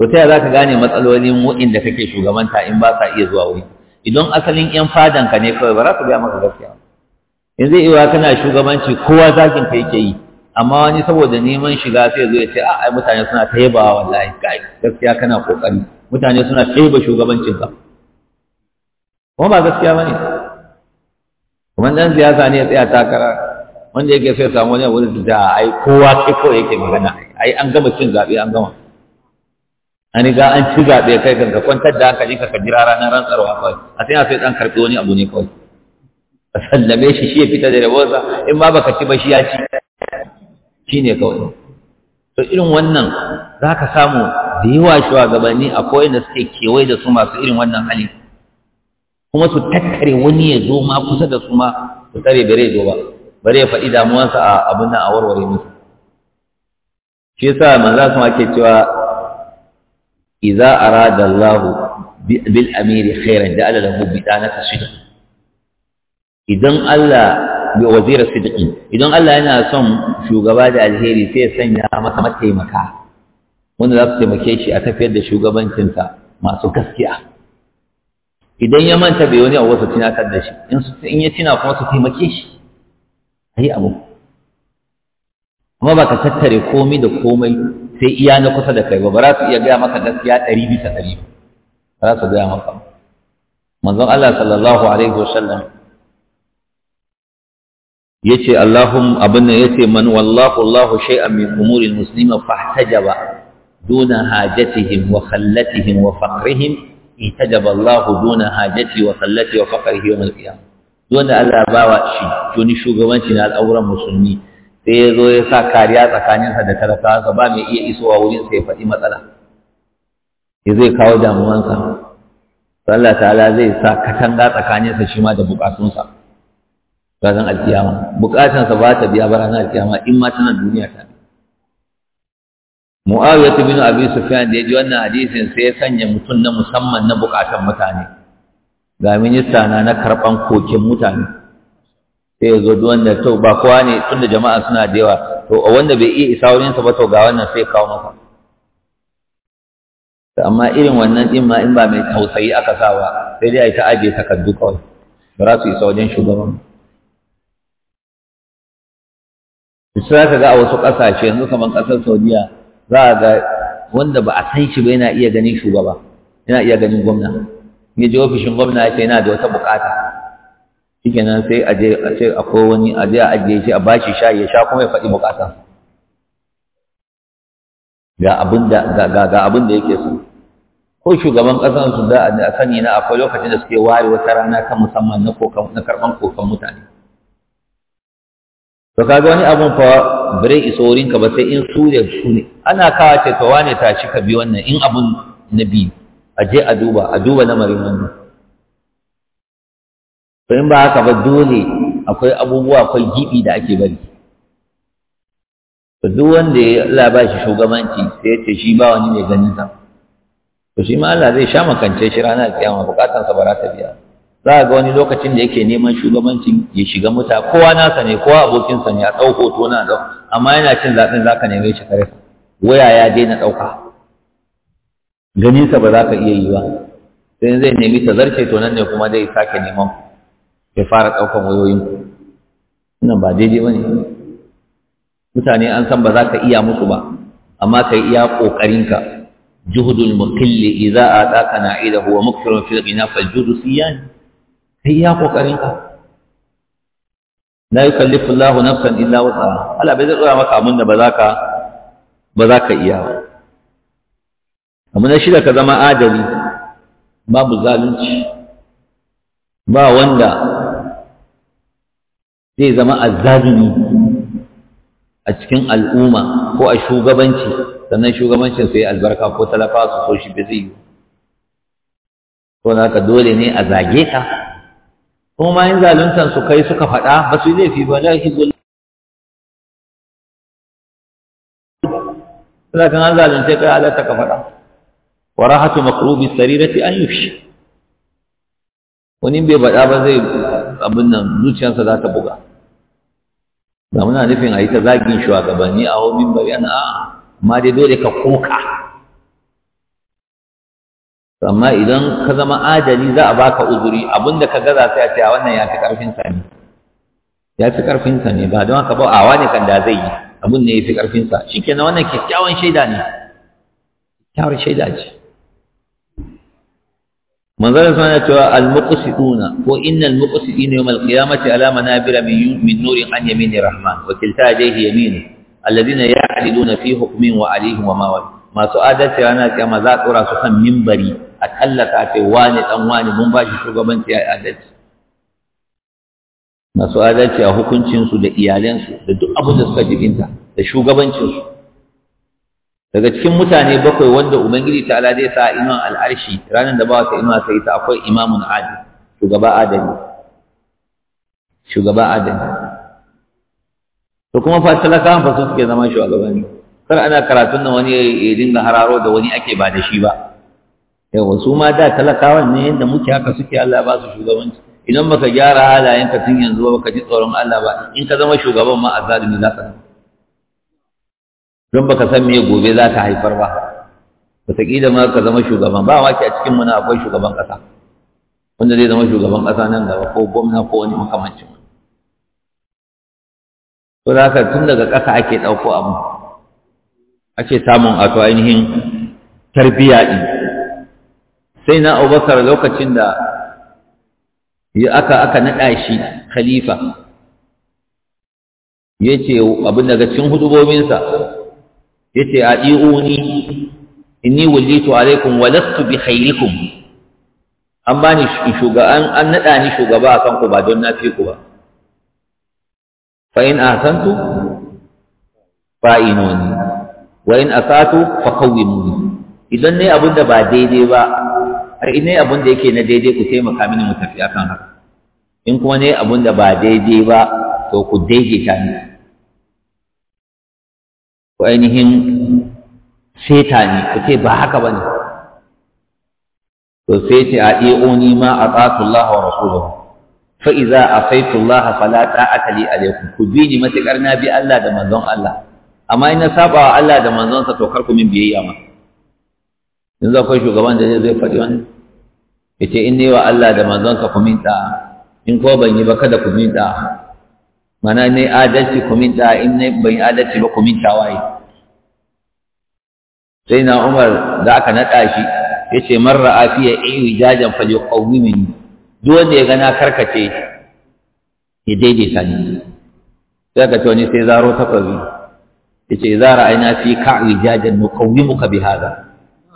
to ta za ka gane matsalolin da kake shugabanta in ba sa iya zuwa wuri idan asalin yan fadanka ne kawai ba za ka gaya maka gaskiya in zai iya kana shugabanci kowa zakin ka yake yi amma wani saboda neman shiga sai zo ya ce a ai mutane suna ta yabawa wallahi kai gaskiya kana kokari mutane suna ta yaba shugabancin ka kuma ba gaskiya bane kuma dan siyasa ne ya tsaya takara wanda yake sai samu wani wani da ai kowa kai kawai yake magana ai an gama cin zaɓe an gama an riga an ci zaɓe kai kan ka kwantar da hankali ka jira ranar rantsarwa kawai a sai a sai ɗan karɓi wani abu ne kawai a sallame shi shi ya fita da rabonsa in ma baka ci ba shi ya ci shi ne kawai to irin wannan za ka samu da yawa shugabanni akwai da suke kewaye da su masu irin wannan hali kuma su tattare wani ya zo ma kusa da su ma su tare bare zo ba bare ya faɗi damuwarsa a abin nan a warware musu shi yasa manzo sun ke cewa idza arada Allah bil amiri khairan da ala lahu idan Allah bi wazira idan Allah yana son shugaba da alheri sai ya sanya masa mataimaka wanda za su taimake shi a tafiyar da shugabancinsa masu gaskiya idan ya manta bai wani abu su tunatar da shi in ya tuna kuma su taimake shi ayi abu amma ba ka tattare komai da komai sai iya na kusa da kai ba ba za su iya gaya maka gaskiya ɗari bisa ɗari ba za su gaya maka manzon Allah sallallahu alaihi wasallam yace Allahum abin ya ce man wallahu Allahu shay'an min umuri muslima fahtajaba duna hajatihim wa khallatihim wa faqrihim itajaba Allahu duna hajati wa khallati wa faqrihi yawm al-qiyamah wanda Allah bawa shi to shugabanci na al'auran musulmi sai ya zo ya sa kariya tsakaninsa da talakawansa ba mai iya isowa wurin sai ya faɗi matsala ya zai kawo damuwansa Allah ta'ala zai sa katanga tsakaninsa shi ma da bukatunsa ranar alkiyama bukatansa ba ta biya ba ranar alkiyama in ma tana duniya ta Muawiya bin Abi Sufyan da ya ji wannan hadisin sai ya sanya mutum na musamman na bukatan mutane ga minista na na karban kokin mutane sai ya zo duk wanda to ba kowa ne tunda jama'a suna da yawa to wanda bai iya isa wurin sa ba to ga wannan sai kawo maka amma irin wannan din ma in ba mai tausayi aka sa ba sai dai ai ta aje takardu kawai ba za su isa wajen shugaban sai ka ga a wasu ƙasashe yanzu kamar ƙasar Saudiya za a ga wanda ba a san shi ba yana iya ganin shugaba yana iya ganin gwamna ya je ofishin gwamna ya ce yana da wata buƙata? shikenan sai a je a ce akwai wani a je a ajiye shi a bashi sha ya sha kuma ya faɗi bukatan ga abin da ga ga abin da yake so ko shugaban ƙasar su da a sani na akwai lokacin da suke ware wata rana ta musamman na kokan na karban kokan mutane to kaga wani abun fa bare iso wurin ka ba sai in su da su ne ana kawace ce to wane tashi ka bi wannan in abun na bi a je a duba a duba na wannan to in ba haka ba dole akwai abubuwa akwai gibi da ake bari duk wanda ya Allah ba shi shugabanci sai ya ce shi ba wani mai ganin sa to shi ma Allah zai sha makance shi ranar kiyama bukatan sa ba za ta biya za ga wani lokacin da yake neman shugabancin ya shiga muta kowa nasa ne kowa abokin sa ne a ɗau hoto na ɗau amma yana cin zaɓen zaka neme shi kare waya ya daina ɗauka ganin sa ba za ka iya yi ba sai zai nemi ta zarce to nan ne kuma zai sake neman ku ya fara ɗaukan wayoyin. Ina ba daidai ba ne mutane an san ba za ka iya musu ba amma ka yi iya ƙoƙarinka juhudul muqilli idza ataka na'idahu wa mukthirun fil ghina fal judu siyan kai iya ƙoƙarinka la yukallifu Allah nafsan illa wus'aha Allah bai zai maka abin da ba za ka ba za ka iya ba amma na shida ka zama adali babu zalunci ba wanda zai zama azzalimi a cikin al'umma ko a shugabanci sannan shugabancin sai albarka ko talafa su so shi ba zai yi ko na ka dole ne a zage ta? kuma ma yin zaluntan su kai suka faɗa ba su yi laifi ba la shi gulla sai kan an zalunce kai halatta ka faɗa wa rahatu maqrubi sarirati an yushi wani bai faɗa ba zai abin nan zuciyarsa za ta buga da muna nufin a yi ta zagin shugabanni a homin bari ana a ma dai dole ka koka amma idan ka zama adali za a baka uzuri abinda ka gaza sai a ce a wannan ya fi karfin sa ne ya fi karfin sa ne ba don haka ba a wani kan da zai yi abin ne ya fi karfin sa kenan wannan kyakkyawan shaida ne kyakkyawar shaida ce manzon sa yana cewa al-muqsiduna ko innal muqsidina yawm al-qiyamati ala manabira min min nurin an yamini rahman wa kilta yadayhi yaminu alladhina ya'diluna fi hukmin wa alihim wa mawal masu adalci rana kiyama za tsora su kan minbari a tallata ce wani dan wani mun ba shi shugabanci a adalci masu adalci a hukuncinsu da iyalansu da duk abin da suka jibinta da shugabancinsu daga cikin mutane bakwai wanda ubangiji ta ala zai sa imam al'arshi ranar da ba wata inuwa sai ta akwai imamun adi, shugaba adali shugaba adali to kuma fa talaka fa su suke zama shugabanni kar ana karatun nan wani ya dinga hararo da wani ake ba da shi ba yawa su ma da talakawan ne yadda muke haka suke Allah ba su shugabanci idan baka gyara halayenka tun yanzu ba baka ji tsoron Allah ba in ka zama shugaban ma azalimi za ka zama don baka san me gobe za ta haifar ba wataƙila ma ka zama shugaban ba wake a cikin muna akwai shugaban ƙasa wanda zai zama shugaban ƙasa nan gaba ko gwamna ko wani makamancin to da haka tun daga ƙasa ake ɗauko abu ake samun ato ainihin tarbiyya ɗin sai na abubakar lokacin da ya aka aka naɗa shi khalifa ya ce abin daga cikin hudubobinsa yace a diuni, inni wallitu alaikum wa lastu bi khairikum an bani shugaban an nada ni shugaba akan ku ba don na fi ku ba fa in ahsantu inuni wa in asatu faqawwimuni idan ne abun da ba daidai ba har in ne da yake na daidai ku taimaka mini mu tafi akan haka in kuma ne abun da ba daidai ba to ku daidaita ni ku ainihin seta ne ku ce ba haka ba ne to sai ce a ni ma a Laha wa rasulahu fa iza saitun Laha fala ta'ata li alaykum ku bi ni matuƙar na bi Allah da manzon Allah amma ina saba wa Allah da manzon sa to kar ku min biyayya ma yanzu akwai shugaban da zai faɗi wani ce in ne wa Allah da manzon sa ku min da in ko ban yi ba kada ku min da mana ne adalci kuminta in ne ban adalci ba kuminta waye sai na umar da aka naɗa shi ya ce man ra'a fiye iyu jajan fa mini duk wanda ya gana karkace ya daidaita ni sai ka ce wani sai zaro takwabi ya ce za ra'ayna fi ka jajan muka bi haza.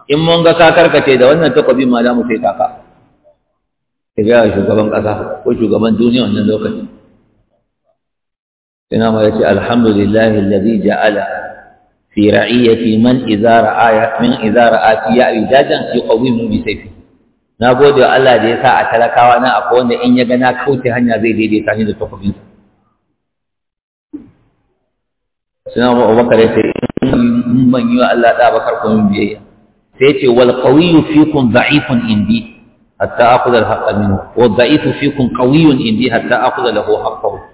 in mun ga ka karkace da wannan takwabin ma za mu sai kaka ka ga shugaban ƙasa ko shugaban duniya wannan lokacin سنما يتي الحمد لله الذي جعل في رعية من إذا رأى من إذا رأى في إجاجا يقوم بسيفه نقول الله دي ساعة لك وأنا أقول إن يجنا كوتي هنيا زي دي دي تاني لتقبل سنما أبو بكر يتي من يو الله تابكر قوم بيا سيتي والقوي فيكم ضعيف إن حتى أخذ الحق منه والضعيف فيكم قوي إن حتى أخذ له حقه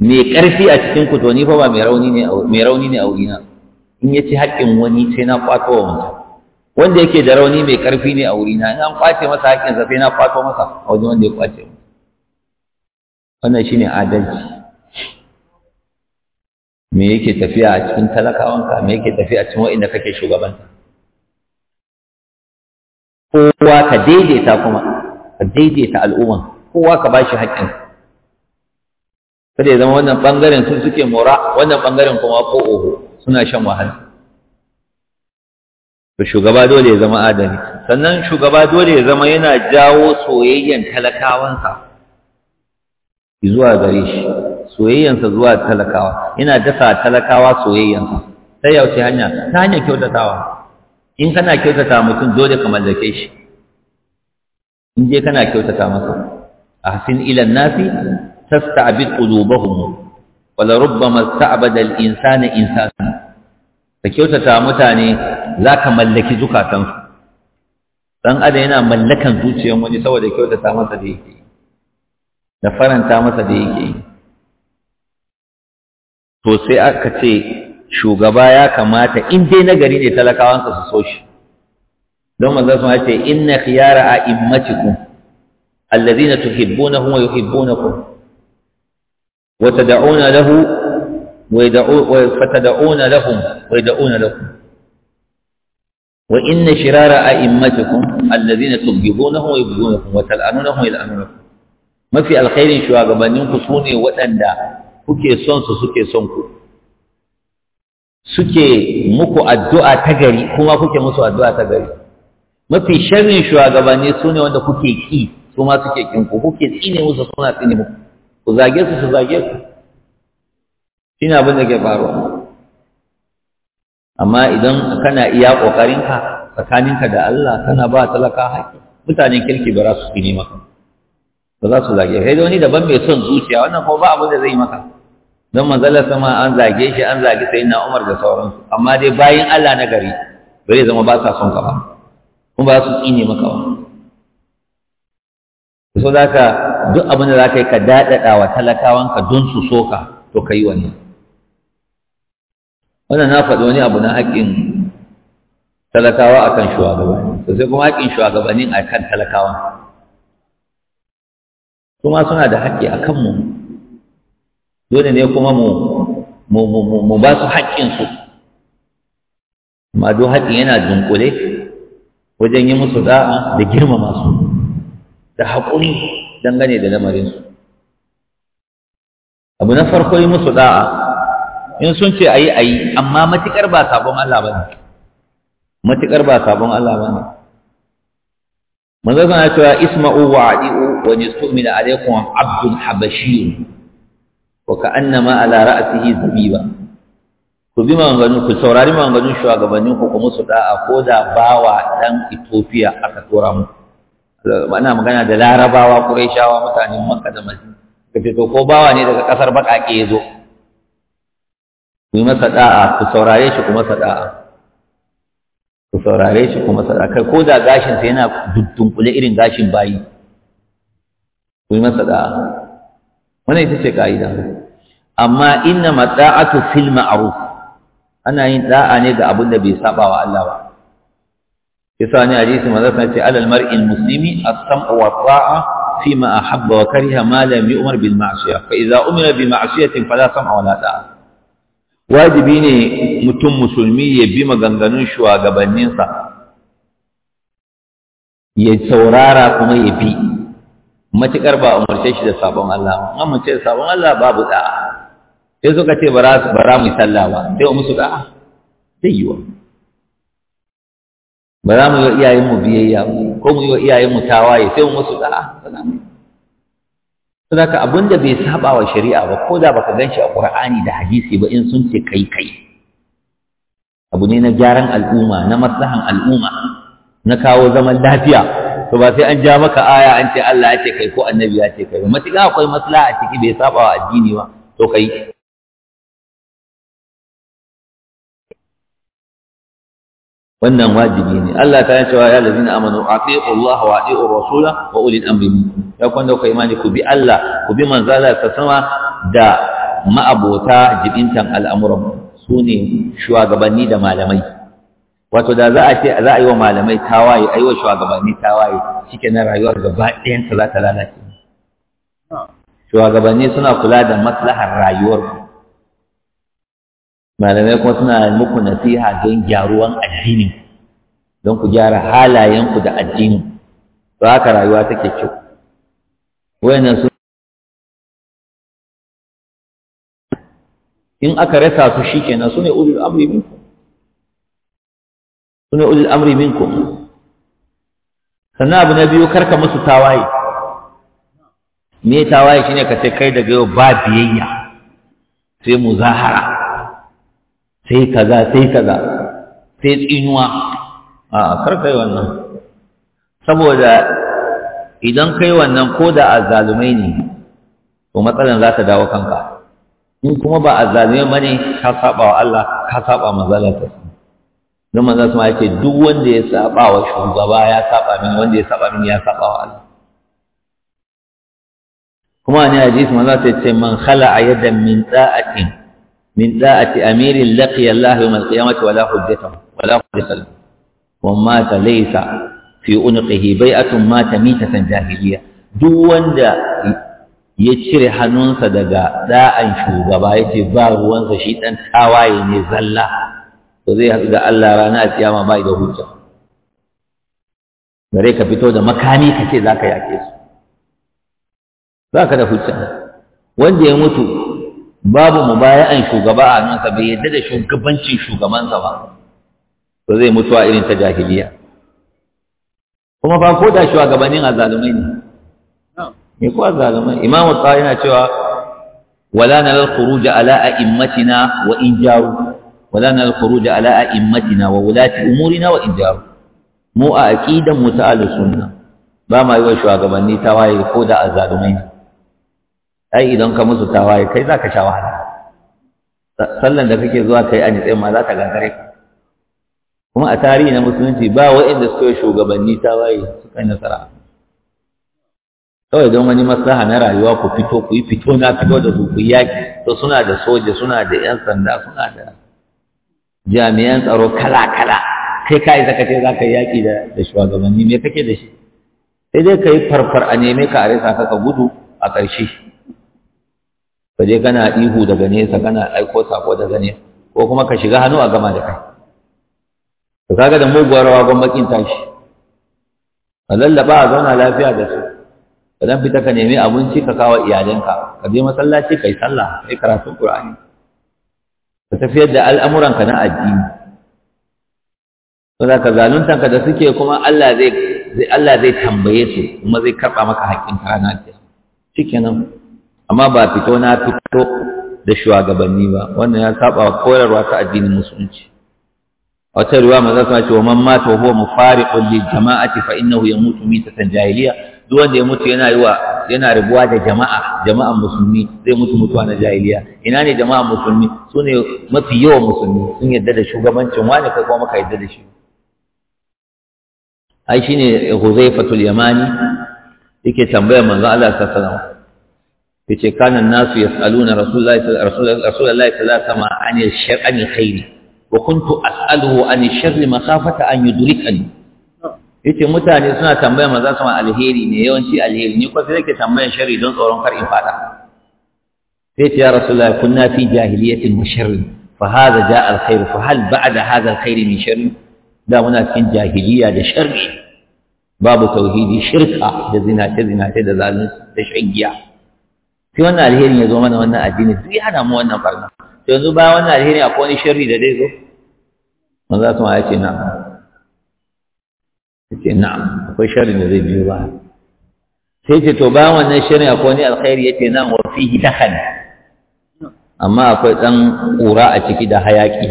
mai ƙarfi a cikin ku to ni fa ba mai rauni ne mai rauni ne a wurina in ya ci haƙƙin wani sai na kwato wa mutum wanda yake da rauni mai ƙarfi ne a wurina in an kwace masa haƙƙinsa, sai na kwato masa a wajen wanda ya kwace wannan shine adalci me yake tafiya a cikin talakawanka me yake tafiya a cikin wa'inda kake shugabanta kowa ka daidaita kuma ka daidaita al'umma kowa ka bashi haƙƙinsa kada ya zama wannan bangaren sun suke mora wannan bangaren kuma ko oho suna shan wahala to shugaba dole ya zama adali sannan shugaba dole ya zama yana jawo soyayyen talakawansa zuwa gare shi soyayyansa zuwa talakawa yana dasa talakawa soyayyansa sai ya wuce hanya ta hanyar kyautatawa in kana kyautata mutum dole ka mallake shi in je kana kyautata masa hasin ilan nasi تستعبد قلوبهم ولربما استعبد الإنسان إنسانا فكيوتة متاني ذاك ملك زكاة dan ada yana mallakan zuciyar wani saboda kyautata masa da yake da faranta masa da yake to sai aka ce shugaba ya kamata in dai na gari ne talakawansa su so shi don manzo sun ce inna khiyara a'immatikum alladhina tuhibbunahum wa yuhibbunakum وتدعون له فتدعون لهم ويدعون لكم وإن شرار أئمتكم الذين تبغضونه ويبغضونكم وتلعنونه ويلعنونكم ما في الخير شو أغبان ينقصوني وأن لا سكي صنص سكي صنص سكي مكو الدعاء تغري كما كي مسو الدعاء تغري ما في شر شو أغبان ينقصوني وأن كي كي كما سكي كي مكو سيني مسو صنص سيني مكو ku zage su su zage ku shine abin da ke faruwa amma idan kana iya ƙoƙarinka tsakaninka da Allah kana ba talaka haƙƙi mutanen kirki ba za su fi maka ba za su zage kai da wani daban mai son zuciya wannan kuma ba abin da zai maka don manzalar sama an zage shi an zage sai na umar da sauransu amma dai bayan Allah na gari ba zai zama ba sa son ka ba kuma ba za su tsine maka ba Sau da haka duk abin da za ka yi ka daɗaɗa wa talakawanka don su soka to ka yi wani wannan na faɗi wani abu na haƙƙin talakawa akan shugabanni to sai kuma haƙƙin shugabannin akan talakawa kuma suna da haƙƙi a kanmu dole ne kuma mu ba su haƙƙinsu amma duk haƙƙin yana dunkule wajen yi musu da'a da girmama su da haƙuri dangane da lamarinsu abu na farko yi musu da'a in sun ce ayi ayi amma matukar ba sabon Allah bane matukar ba sabon Allah bane manzo sana cewa isma'u wa adi'u wa yastumina alaykum abdun habashi wa ka'annama ala ra'sihi zabiba ku bi maganganun ku saurari maganganun shugabannin ku ku musu da'a ko da bawa dan Ethiopia aka tura muku ana magana da larabawa ƙuraishawa mutanen makka da madina ka ce ko bawa ne daga ƙasar baƙaƙe ya zo ku yi masa da'a ku saurare shi ku masa da'a ku saurare shi ku masa da'a kai ko da gashin sa yana dundunkule irin gashin bayi ku yi masa da'a wannan ita ce ka'ida amma inna filma fil ma'ruf ana yin da'a ne ga abin da bai saba wa Allah ba yasa ne hadisi manzo sai ce alal mar'il muslimi as-sam'u wa ta'a fi ma ahabba wa kariha ma lam yu'mar bil ma'siyah fa idza umira bi ma'siyatin fala sam'a wa la ta'a wajibi ne mutum musulmi ya bi maganganun shugabanninsa ya saurara kuma ya bi matukar ba umarce shi da sabon Allah amma ce sabon Allah babu da. sai suka ce bara bara mu sallah ba sai musu da. sai yiwa ba za mu yi wa iyayenmu biyayya ko mu yi wa iyayenmu tawaye sai mu musu da ba za mu yi abin da bai saba wa shari'a ba ko da baka gan shi a Qur'ani da hadisi ba in sun ce kai kai abu ne na gyaran al'umma na maslahan al'umma na kawo zaman lafiya to ba sai an ja maka aya an ce Allah ya kai ko annabi ya kai ba akwai maslaha ciki bai saba wa addini ba to kai wannan wajibi ne Allah ta cewa ya lazina amanu ati'u Allah wa ati'u rasula wa ulil amri ya kwanda ku imani ku bi Allah ku bi manzo Allah ta sama da ma'abota jibintan al'amuran su ne shugabanni da malamai wato da za a ce za a yi wa malamai tawaye a yi wa shugabanni tawaye cike na rayuwar gaba ɗayan ta za ta lalace shugabanni suna kula da maslahar rayuwar malamai kuma suna muku nasiha don gyaruwan addini don ku gyara halayenku da addini to haka rayuwa take kyau wayannan su in aka rasa su su ne ulul amri su ne ulul amri minkum sannan abu na biyu karka musu tawaye me tawaye shine ka ce kai daga yau ba biyayya sai mu zahara. sai kaza sai kaza sai tsinuwa a karkai wannan saboda idan kai wannan ko da azzalumai ne to matsalan za ta dawo kanka in kuma ba azzalumai ba ne ka saba wa Allah ka saba mazalar ta su don manzan su ma yake duk wanda ya saba wa shugaba ya saba min wanda ya saba min ya saba wa Allah kuma ne hadisi manzan sai ce man a yadda min da'atin من طاعة أمير لقي الله يوم القيامة ولا حجته ولا حجته ومن مات في عنقه بيئة مات ميتة جاهلية duk wanda ya cire hannunsa daga da'an shugaba ya ce ba ruwansa shi ɗan tawaye ne zalla to zai haɗu da Allah rana a tsiyama da hujja bare ka fito da makami ka ce za su da hujja wanda ya mutu babu mubaya'an shugaba a nan ka, bai yadda da shugabancin shugabansa ba to zai mutu a irin ta jahiliya kuma ba ko da shugabannin zalumai ne me ko zalumai? imamu ta yana cewa wala nalal khuruj ala immatina wa in jaru wala nalal khuruj ala immatina wa wulati umurina wa in jaru mu a aqidan mu ta sunna ba ma yi wa shugabanni tawaye ko da a zalumai ne ai idan ka musu tawaye kai za ka sha wahala sallan da kake zuwa kai a nitsayin ma za ta gagare kuma a tarihi na musulunci ba wa'inda suka yi shugabanni tawaye suka yi nasara kawai don wani maslaha na rayuwa ku fito ku yi fito na fito da su ku yaƙi to suna da soja suna da 'yan sanda suna da jami'an tsaro kala-kala kai ka zaka ce za ka yi yaƙi da shugabanni me kake da shi sai dai ka yi farfar a neme ka a resa ka gudu a ƙarshe ka je kana ihu daga nesa kana aiko sako daga nesa ko kuma ka shiga hannu a gama da kai to kaga da muguwar rawa gwamnatin tashi a lallaba a zauna lafiya da su ka dan fita ka nemi abinci ka kawo iyalinka. ka je masallaci kai sallah kai karatun qur'ani ka tafiyar da ka na addini saboda ka ka da suke kuma Allah zai Allah zai tambaye su kuma zai karba maka haƙƙin ka na shikenan amma ba fito na fito da shugabanni ba wannan ya saba wa koyarwa ta addinin musulunci a wata ruwa maza ta ce wa man mata huwa mufariqun lil jama'ati fa innahu yamutu mitatan jahiliya duk wanda ya mutu yana yiwa yana rabuwa da jama'a jama'an musulmi zai mutu mutuwa na jahiliya ina ne jama'an musulmi sune mafi yawan musulmi sun yadda da shugabancin wani kai kuma ka yadda da shi ai shine huzaifatul yamani yake tambayar manzo Allah sallallahu alaihi wasallam yace kana nasu yasaluna rasulullahi rasulullahi sallallahu alaihi wasallam an khairi wa kuntu as'aluhu an sharri makhafata an yudrikani yace mutane suna tambaya maza sama alheri ne yawanci alheri ne ko sai yake tambayan sharri don tsoron kar in fada sai ya rasulullahi kunna fi jahiliyatin wa sharri fa hadha jaa alkhair fa hal ba'da hadha alkhair min sharri da muna cikin jahiliya da sharri babu tauhidi shirka da zinace zinace da zalunci da sai wannan alherin ya zo mana wannan addini duk ya hana mu wannan barna to yanzu ba wannan alherin akwai wani sharri da zai zo manzo kuma ya ce na ce na'am akwai sharri da zai biyo ba sai ce to ba wannan sharri akwai wani alkhairi yace na wa fihi dakhan amma akwai dan kura a ciki da hayaki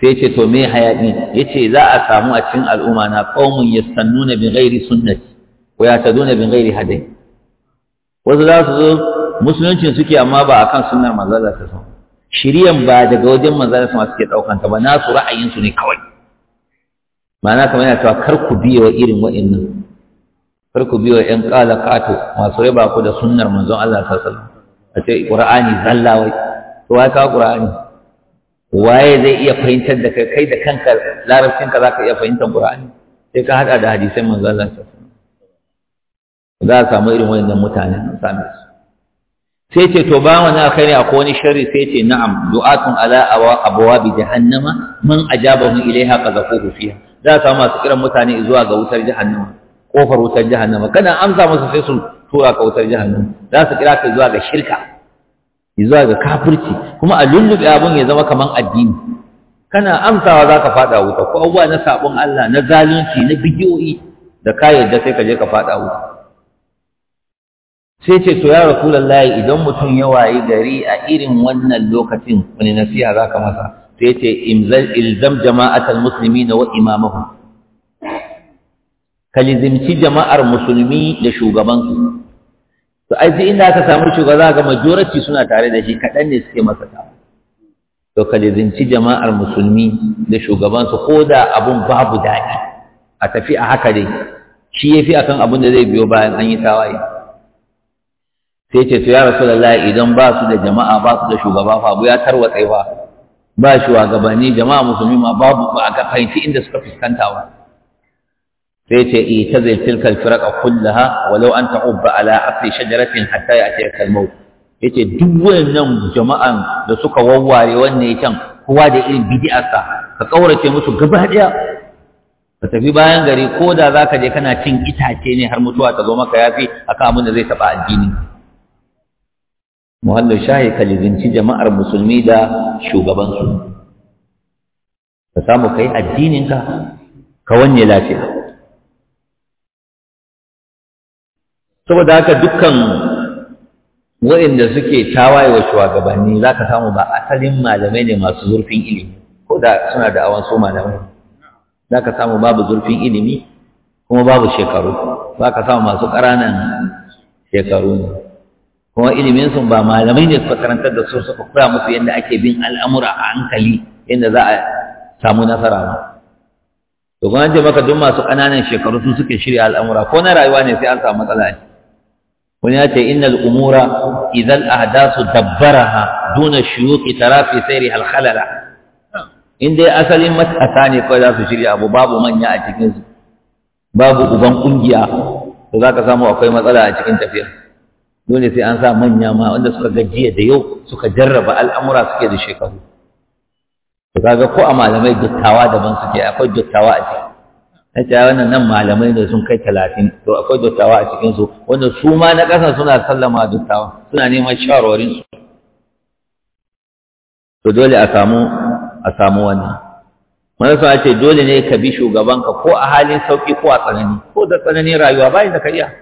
sai ce to me hayaƙi ya ce za a samu a cikin al'umma na qaumun ya sannuna bin gairi sunnati wa ya taduna bin gairi hadai wasu za su zo musuluncin suke amma ba a kan manzon Allah sallallahu sun wasallam shiriyan ba daga wajen manzon su suke daukan ta ba nasu ra'ayin su ne kawai ma'ana kamar yana cewa kar ku biye wa irin wa'annan kar ku biye wa ƴan ƙala masu riba ku da sunnar manzon Allah sallallahu alaihi wasallam a ce qur'ani zalla wai to wai ka qur'ani waye zai iya fahimtar da kai da kanka larabcinka zaka iya fahimtar qur'ani sai ka hada da hadisan manzon Allah za a samu irin wannan mutane an same su sai ce to ba wani alkhairi akwai wani sharri sai ce na'am du'atun ala bi jahannama man ajabahu ilaiha qazafuhu fiha za a samu masu kiran mutane zuwa ga wutar jahannama kofar wutar jahannama kana amsa musu sai su tura ka wutar jahannama za su kira ka zuwa ga shirka zuwa ga kafirci kuma a lullube abun ya zama kaman addini kana amsawa za ka faɗa wuta ko abuwa na sabon Allah na zalunci na bidiyoyi da ka yarda sai ka je ka faɗa wuta sai ce to ya rasulullahi idan mutum ya wayi gari a irin wannan lokacin wani nasiha zaka masa sai ce ilzam jama'atal muslimina wa imamahum ka lizimci jama'ar musulmi da shugabansu to ai inda aka samu shugaba ga majority suna tare da shi kaɗan ne suke masa ta to ka jama'ar musulmi da shugabansu ko da abun babu daɗi a tafi a haka dai shi ya fi akan abun da zai biyo bayan an yi tawaye sai ce to ya rasulullahi idan ba su da jama'a ba su da shugaba fa abu ya tarwatse ba ba shugabanni jama'a musulmi ma babu ba aka fahimci inda suka fuskanta ba sai ce itazil tilka alfiraqa kullaha walau an uba ala asli shajaratin hatta ya'tiyaka al yace duk wannan jama'an da suka wawware wannan can kowa da irin bid'arsa ka kaurace musu gaba daya ka tafi bayan gari ko da zaka je kana cin itace ne har mutuwa ta zo maka yafi akan abin da zai taba addini Muhallin shahi kalizinci jama'ar musulmi da shugabansu ka samu kai addininka ka wanne lafiya saboda haka dukkan waɗanda suke tawaye wa shugabanni za ka samu ba asalin malamai ne masu zurfin ilimi ko da suna da awon so malamai za ka samu babu zurfin ilimi kuma babu shekaru za ka samu masu ƙaranan shekaru ne kuma ilimin su ba malamai ne suka karantar da su suka koya musu yadda ake bin al'amura a hankali yadda za a samu nasara ba to kuma je maka duk masu ƙananan shekaru su suke shirya al'amura ko na rayuwa ne sai an samu matsala ne wani ya ce innal umura idan ahdasu dabbaraha duna shuyuqi tara fi sayri al in dai asalin matasa ne kawai za su shirya abu babu manya a cikinsu. babu uban ƙungiya. to zaka samu akwai matsala a cikin tafiyar dole sai an sa manya ma wanda suka gajiya da yau suka jarraba al'amura suke da shekaru to kaga ko a malamai dattawa daban suke akwai dattawa a ciki na ce wannan nan malamai ne sun kai talatin to akwai dattawa a cikin su wanda su ma na ƙasa suna sallama dattawa suna neman shawarwarin su to dole a samu a samu wannan manasa ce dole ne ka bi shugabanka ko a halin sauki ko a tsanani ko da tsananin rayuwa bayan da ka iya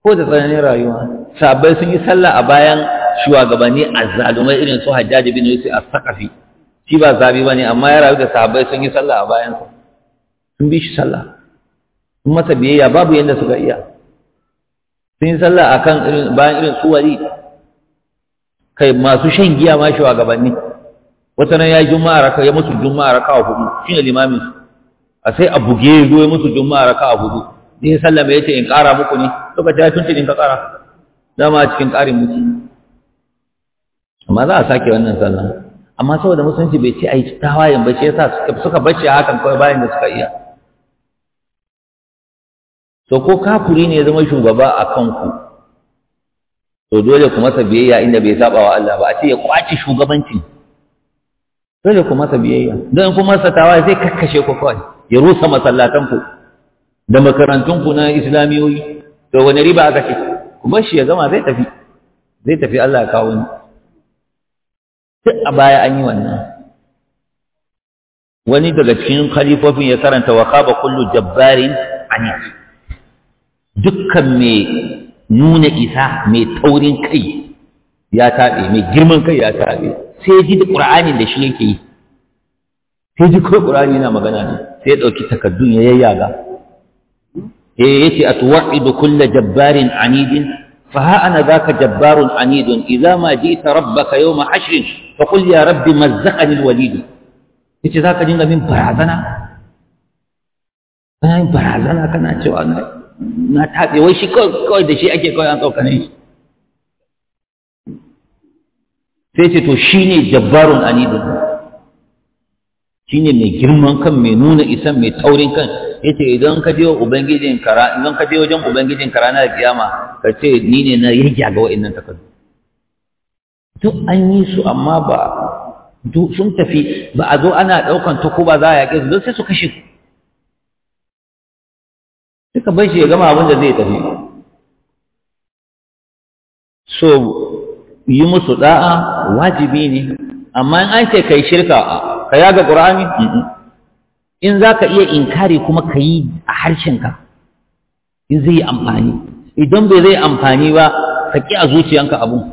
ko da tsananin rayuwa sabai sun yi sallah a bayan shugabanni azzalumai irin su Hajjaj bin Yusuf as-Saqafi shi ba zabi bane amma ya rayu da sabai sun yi sallah a bayan sa sun bi shi sallah sun masa biyayya babu yadda suka iya sun yi sallah akan irin bayan irin su wali kai masu shan giya ma shugabanni wata nan ya yi juma'a raka ya musu juma'a raka a hudu shi ne limamin a sai a buge ya zo ya musu juma'a raka a hudu din sallama yace in ƙara muku ne suka ce tuntun in ka ƙara dama cikin ƙarin muku amma za a sake wannan sallah amma saboda musulunci bai ce ai tawayen ba shi yasa suka bace hakan kawai bayan da suka iya to ko kafuri ne ya zama shugaba a kanku to dole ku masa biyayya inda bai saba wa Allah ba a ce ya kwaci shugabancin dole ku masa biyayya dan ku masa tawaye sai kakkashe ku kawai ya rusa masallatan ku da makarantunku na islamiyoyi to wani riba aka ce kuma shi ya gama zai tafi zai tafi Allah ya kawo ni duk a baya an yi wannan wani daga cikin khalifofin ya karanta wa khaba kullu jabbarin ani dukkan mai nuna isa mai taurin kai ya tabe mai girman kai ya tabe sai ji da ƙur'anin da shi yake yi sai ji ko qur'ani yana magana ne sai dauki ɗauki takaddun ya yayyaga يأتي إيه أتوعد كل جبار عنيد فها أنا ذاك جبار عنيد إذا ما جئت ربك يوم حشر فقل يا رب مزقني الوليد يأتي ذاك جنة من برعزنا أنا من برعزنا كنا جوانا أنا ويشي tafi wai shi kawai da أنتو ake kawai an tsokane shi sai shine mai girman kan mai nuna isan mai taurin kan yace idan ka je ubangijin idan ka je wajen ubangijin kara na kiyama ka ce ni ne na yayya ga wa'annan takardu duk an yi su amma ba duk sun tafi ba a zo ana daukan ba za a yaƙe su don sai su kashe suka bai shi ya gama abin da zai tafi so yi musu da'a wajibi ne amma in an ce kai shirka ka yaga ƙur'ani in za ka iya inkari kuma ka yi a harshenka in zai yi amfani idan bai zai amfani ba ka ƙi a zuciyanka abun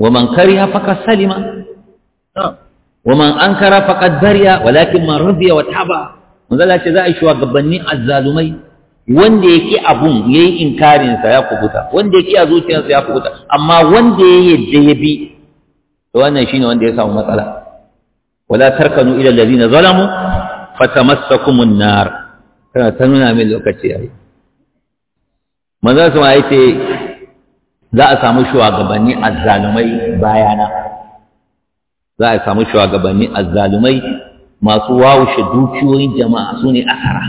wa man kariha faka salima wa man kara faka dariya, walakin man radiya wa taba manzala ce za a yi shugabanni azzalumai wanda ya ƙi abun ya yi inkarinsa ya kubuta wanda ya ƙi a zuciyarsa ya kubuta amma wanda ya yi yadda ya bi wannan shine wanda ya samu matsala wala tarkanu ila allazina zalamu fatamassakumun nar kana ta nuna min lokaci yayi manzo sama yace za a samu shugabanni azzalumai bayana za a samu shugabanni azzalumai masu wawushe dukiyoyin jama'a su ne asara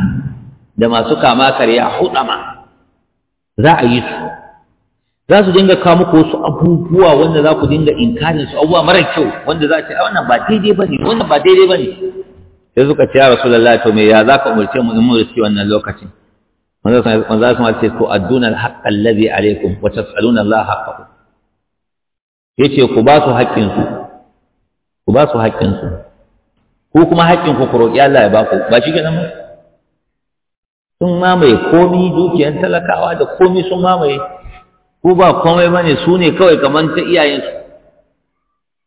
da masu kama karya hudama za a yi su za su dinga kawo muku wasu abubuwa wanda za ku dinga inkarin su abubuwa mara kyau wanda za ce a ah, wannan ba daidai ba ne wannan ba daidai ba ne sai suka ce ya rasu lallai to me ya za ka umarce mu in mun wannan lokacin za su ma ce to adduna alhaqqa alladhi alaikum wa tas'aluna Allah Ya ce ku ba su haƙƙin su ku ba su haƙƙin su ku kuma haƙƙin ku ku roƙi Allah ya ba ku ba shi kenan sun mamaye komi dukiyar talakawa da komi sun mamaye ko ba komai bane su ne kawai kamar ta iyayensu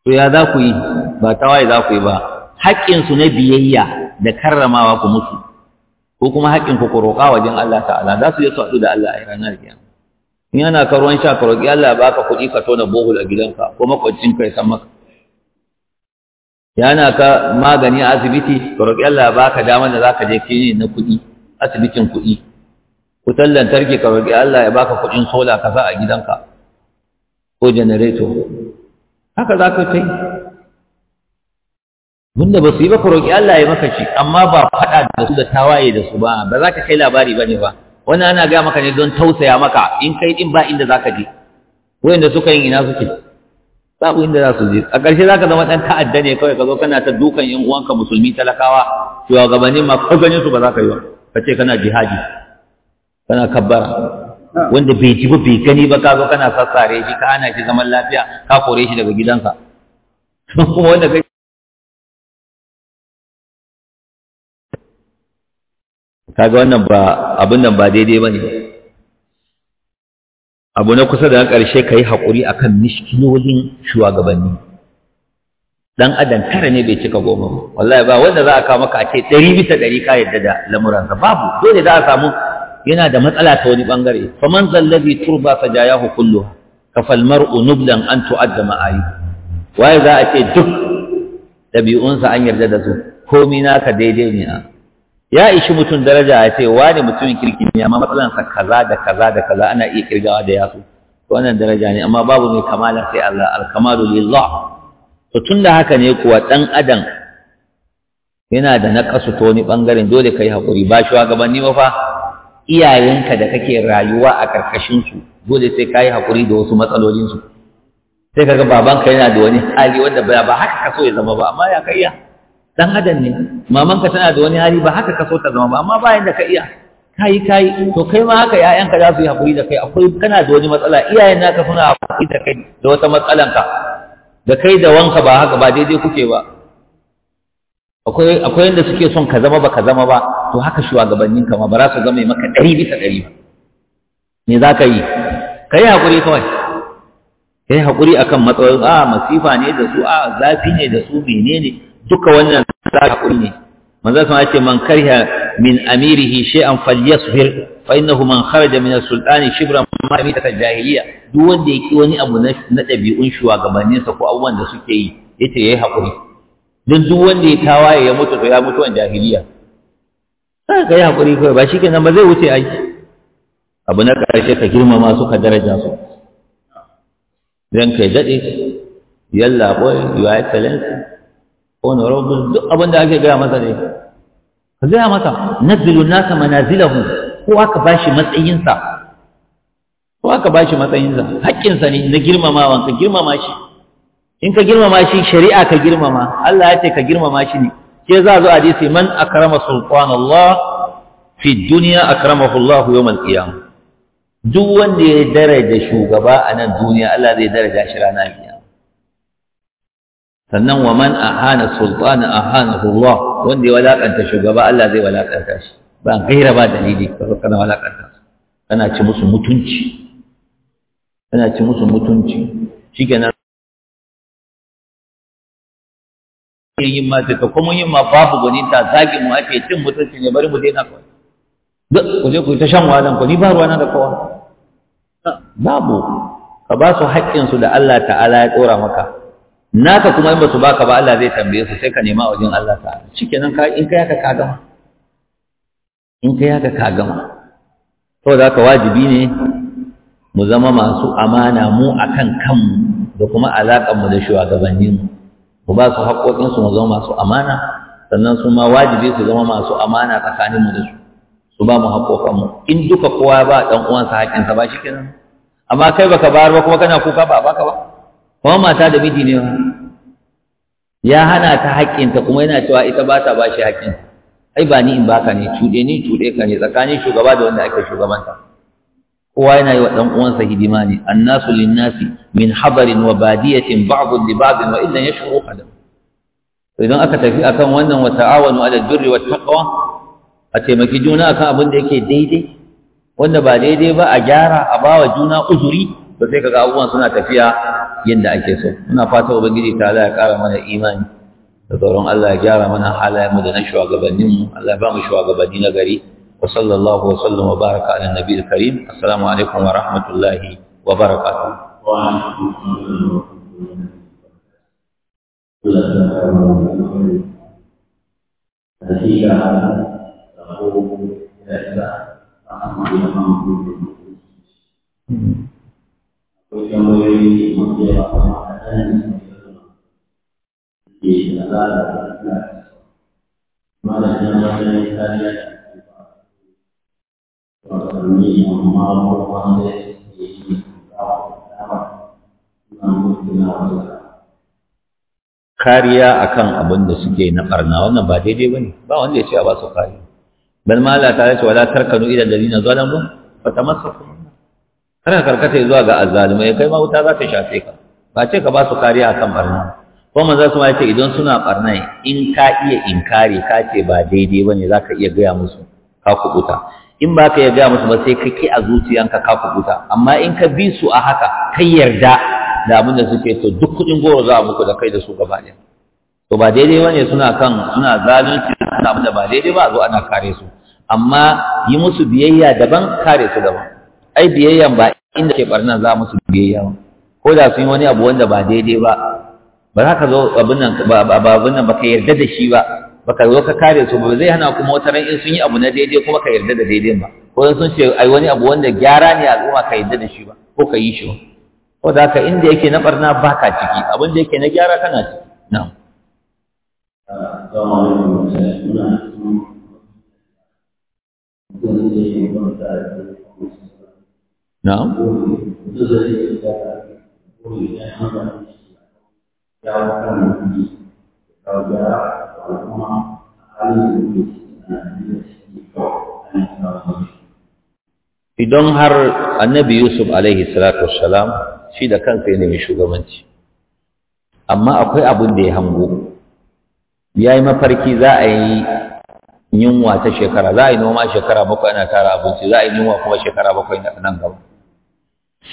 to ya za ku yi ba tawaye za ku yi ba haƙƙinsu na biyayya da karramawa ku musu ko kuma haƙƙin ku ku roƙa wajen Allah ta'ala za su yi su haɗu da Allah a ranar kiyama in yana ka ruwan sha ka roƙi Allah ya baka kuɗi ka tona bohol a gidanka ko makwacin kai ya san maka yana ka magani a asibiti ka roƙi Allah ya baka damar da za ka je kini na kuɗi asibitin kuɗi wutar lantarki ka roƙi Allah ya baka kuɗin sola ka sa a gidanka ko janareto haka za ka kai. yi da ba su yi ba roƙi Allah ya maka shi amma ba faɗa da su da tawaye da su ba ba za ka kai labari ba ne ba wani ana gaya maka ne don tausaya maka in kai ɗin ba inda za ka je wayanda suka yin ina suke babu inda za su je a ƙarshe za ka zama ɗan ta'adda ne kawai ka zo kana ta dukan yan uwanka musulmi talakawa shugabannin ma ko ganin su ba za ka yi ba ka ce kana jihadi kana kabbara ah. wanda bai ji ba bai gani ba ka zo kana sassare shi ka ana shi zaman lafiya ka kore shi daga gidansa *laughs* kuma wanda kai kaga wannan ba abin nan ba daidai ba ne abu na kusa da ƙarshe ka yi haƙuri a kan mishkilolin shugabanni ɗan adam tara ne bai cika goma ba wallahi ba wanda za a kawo maka a ce ɗari bisa ɗari ka yarda da lamuransa babu dole za a samu yana da matsala ta wani bangare faman zallabi turba fajayahu kulluha kafal mar'u nublan an tu'adda ma'ayib waye za a ce duk dabi'unsa an yarda da su komai naka daidai ne a ah. ya ishi mutum daraja ya ce wani mutumin kirki ne amma sa kaza da kaza da kaza ana iya kirgawa da yasu wannan daraja ne amma babu mai kamala sai Allah alkamalu lillah to tunda haka ne kuwa dan adam yana da naqasu ta wani bangaren dole kai hakuri ba shugabanni ba fa iyayenka da kake rayuwa a su, dole sai ka yi haƙuri da wasu matsalolinsu sai kaga babanka yana da wani hali wanda ba haka ka so ya zama ba amma ya ka iya dan adam ne mamanka tana da wani hali ba haka ka so ta zama ba amma bayan da ka iya kai kai to kai ma haka 'ya'yanka za su yi haƙuri da kai akwai kana da wani matsala iyayen naka suna haƙuri da kai da wata matsalanka da kai da wanka ba haka ba daidai kuke ba akwai akwai yanda suke son ka zama ba ka zama ba to haka shugabannin ka ma ba za su zama maka ɗari bisa ɗari ba me za ka yi ka yi haƙuri kawai ka yi haƙuri a kan matsayin a ah, masifa ne da su a ah, zafi ne da su menene duka wannan za haƙuri ne manzo sun ce man karya min amirihi shay'an falyasbir fa innahu man kharaja min as-sultani shibran ma bi ta jahiliya duk wanda ya yake wani abu na na dabi'un shugabanninsa ko abubuwan da suke yi yace yayi hakuri. don duk wanda ya tawaye ya mutu to ya mutu an jahiliya sai ka yi hakuri kawai ba shi nan ba zai wuce aiki abu na ƙarshe ka girmama su ka daraja su don kai daɗe yalla boy your excellency honorable duk abin da ake gaya masa ne ka gaya masa nazilu nasa manazilahu ko aka bashi matsayinsa ko aka bashi matsayinsa haƙƙinsa ne na girmamawan ka girmama shi in ka girmama shi shari'a ka girmama Allah ya ce ka girmama shi ne ke za zo hadisi man akrama sultanallah fi dunya akramahu Allah yawmal qiyamah duk wanda ya daraja shugaba a nan duniya Allah zai daraja shi rana biya sannan wa man ahana sultana ahanahu Allah wanda ya walakanta shugaba Allah zai walakanta shi ba gaira ba dalili ka kana walakanta kana ci musu mutunci kana ci musu mutunci shikenan yin masu ta kuma yin ma babu gwanin ta zagi mu ake cin mutunci ne bari mu daina kawai duk ku je ku ta shan wahalan ku ni ba ruwa na da kowa babu ka ba su haƙƙinsu su da Allah ta'ala ya tsora maka naka kuma in ba su baka ba Allah zai tambaye su sai ka nema a wajen Allah ta'ala shikenan ka in kai yaka ka gama in kai haka ka gama da ka wajibi ne mu zama masu amana mu akan kanmu da kuma alaƙar mu da shugabanninmu mu ba su haƙoƙinsu mu zama masu amana sannan su ma wajibi su zama masu amana tsakanin mu da su su ba mu mu. in duka kowa ba ɗan uwansa haƙƙinsa ba shi kenan amma kai baka bayar ba kuma kana kuka ba baka ba kuma mata da miji ne ya hana ta haƙƙinta kuma yana cewa ita ba ta ba shi haƙƙinsa ai ba ni in baka ne cuɗe ni cuɗe ka ne tsakanin shugaba da wanda ake shugabanta kowa yana yi wa ɗan'uwansa uwansa hidima ne annasu linnasi min habarin wa badiyatin ba'dun li wa idan ya qadam to idan aka tafi akan wannan wa ta'awanu 'ala birri wata taqwa a taimaki juna akan abin da yake daidai wanda ba daidai ba a gyara a bawa juna uzuri ba sai ga abubuwan suna tafiya yadda ake so muna fata ubangiji ta Allah ya ƙara mana imani da tsoron Allah ya gyara mana halayenmu da na shugabanninmu Allah ya ba mu shugabanni na gari وصلى الله وسلم وبارك على النبي الكريم السلام عليكم ورحمة الله وبركاته Thank you. kariya a kan kariya akan abin da suke na ɓarna wannan ba daidai ba ne, ba wanda ya ce a ba su kariya bal ma Allah tare ce wala tarkanu ila alladhina ta fa tamassaku kana karkata zuwa ga azzalimai kai ma wuta za ta shafe ka ba ce ka ba su kariya akan ɓarna ko manzo su ma ce idan suna ɓarna in ka iya inkari ka ce ba daidai ba ne za ka iya gaya musu ka kubuta in ba ka yarda musu ba sai ka ki a zuciyanka ka kubuta amma in ka bi su a haka ka yarda da abin da suke to duk kuɗin goro za a muku da kai da su gaba ɗaya to ba daidai wani suna kan suna zalunci suna abin da ba daidai ba a zo ana kare su amma yi musu biyayya daban kare su daban ai biyayya ba inda ke barnan za musu biyayya ba ko da sun yi wani abu wanda ba daidai ba ba za ka zo abin nan ba abin nan ba ka yarda da shi ba baka zo ka kare su ba zai hana kuma wata ran in sun yi abu na daidai kuma ka yarda da daidai ba ko sun ce ai wani abu wanda gyara ne al'umma ka yarda da shi ba ko ka yi shi ba ko da haka inda yake na barna baka ciki abin da yake na gyara kana ciki na na'am ya da kuma idan har annabi yusuf alaihi salatu wassalam shi da kansa ya nemi shugabanci amma akwai abin da ya hango ya yi mafarki za a yi yunwa ta shekara za a yi noma shekara bakwai ana tara abinci za a yi yunwa kuma shekara bakwai nan gaba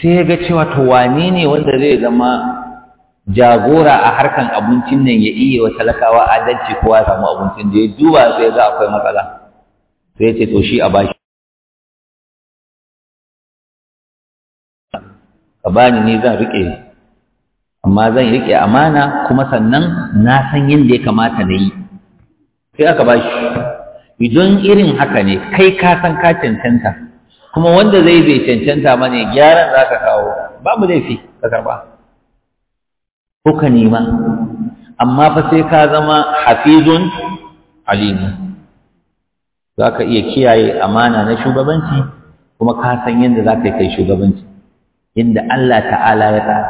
sai ya ga cewa to wane ne wanda zai zama jagora a harkan abincin nan ya iya wa talakawa adalci kowa ya samu abincin da ya duba sai ga akwai matsala sai ya ce to shi a bashi ka bani ni zan rike amma zan rike amana kuma sannan na san yadda ya kamata na yi sai aka bashi idan irin haka ne kai ka san ka cancanta kuma wanda zai bai cancanta mane gyaran za ka kawo babu laifi ka karba ko ka nema amma fa sai ka zama hafizun alimu za ka iya kiyaye amana na shugabanci kuma ka san yadda za ka kai shugabanci inda Allah ta'ala ya tsara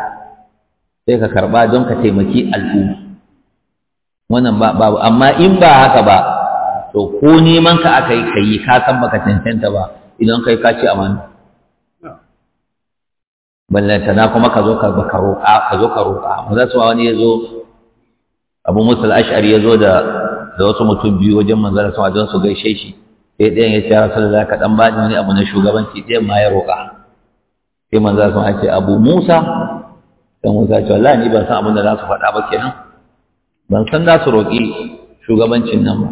sai ka karba don ka taimaki al'umma wannan babu amma in ba haka ba to ko neman ka aka yi ka san baka cancanta ba idan kai ka ci amana ballantana kuma ka zo ka ka roƙa ka zo ka roƙa mu za su wani ya zo abu musul ash'ari ya zo da da wasu mutum biyu wajen manzara sama don su gaishe shi sai ɗayan ya ce rasulullah ka ba ni wani abu na shugabanci ɗayan ma ya roƙa sai manzara sama ce abu musa ɗan musa ce wallahi ni ban san abin da za su faɗa ba kenan ban san za su roƙi shugabancin nan ba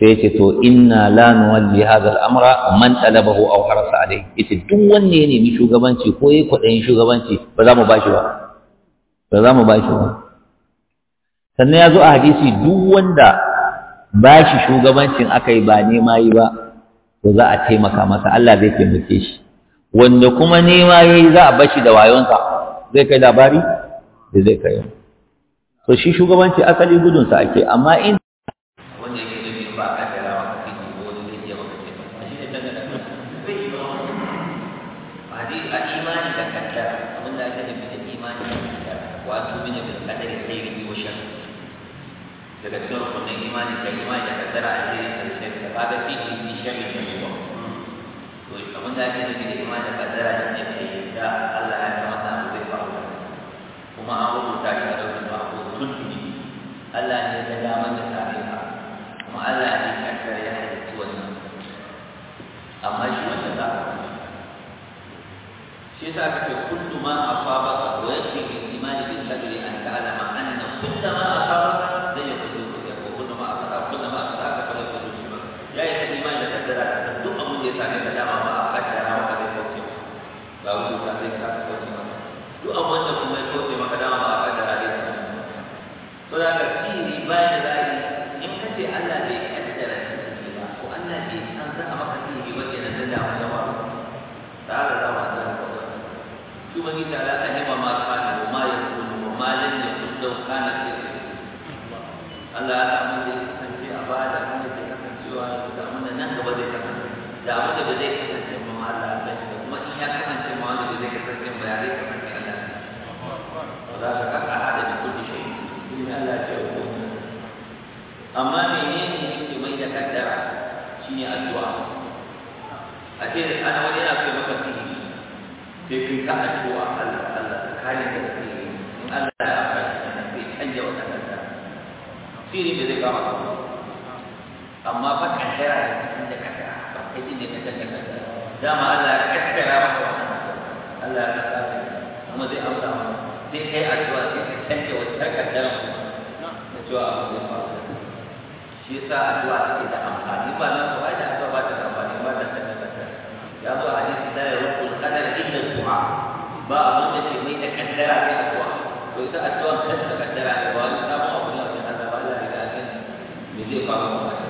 sai ce to inna la nuwalli hadha al-amra man talabahu aw harasa alayhi yace duk wanne ya nemi shugabanci ko yayi kwadayin shugabanci ba za mu bashi ba ba za mu bashi ba sannan ya zo a hadisi duk wanda bashi shugabancin aka yi ba nema yi ba to za a taimaka masa Allah zai taimake shi wanda kuma nema yayi za a bashi da wayonsa zai kai labari da zai kai to shi shugabanci asali gudunsa ake amma in Allah ke nufi da ima da shi ne Allah ya ta masa abu zai faru kuma an rubuta shi a ɗaukin ba tun ne Allah ne ya damar da same kuma Allah ne ya wannan amma shi wanda za ka shi kullu ma لا عندك حقيقي انك تكلم دام الا احترى الا ومضي امره في هيئه التنكه والتركه ترى نعم جواب shi yasa addu'a take da amfani ba na so ai da addu'a ba ta da amfani ba ta da tabbata ya zo a hadisi da ya rubu qadar illa du'a ba abin da ke mai da kaddara sai addu'a to ita addu'a kanta kaddara ne ba wani sabon abin da Allah ba Allah ya ga me zai faru ba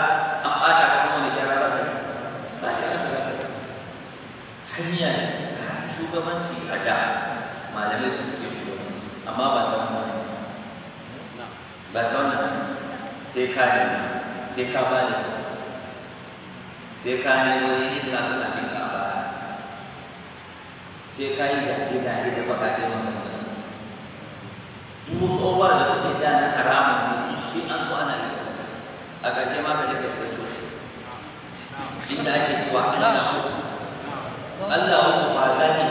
shugabanci a da malamai su suke shugabanci amma ba ta wannan ba ta wannan sai ka ne sai ka ba sai ka ne wani ka ba sai ka yi da da duk da suke da na shi an zo ana a ƙarshe ma ka inda ake Allah Allah ba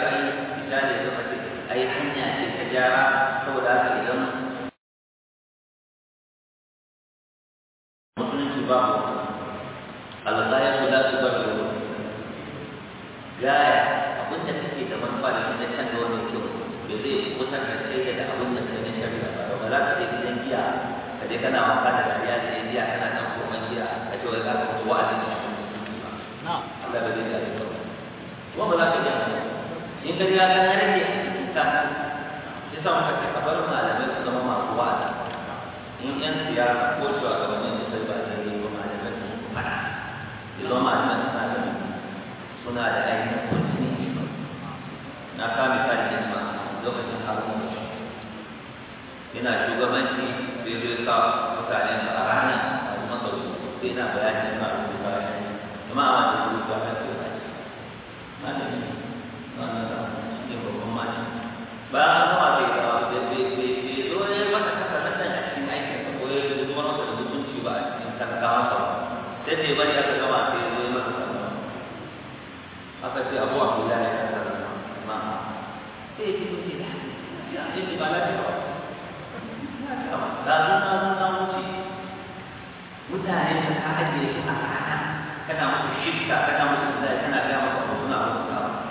not bad.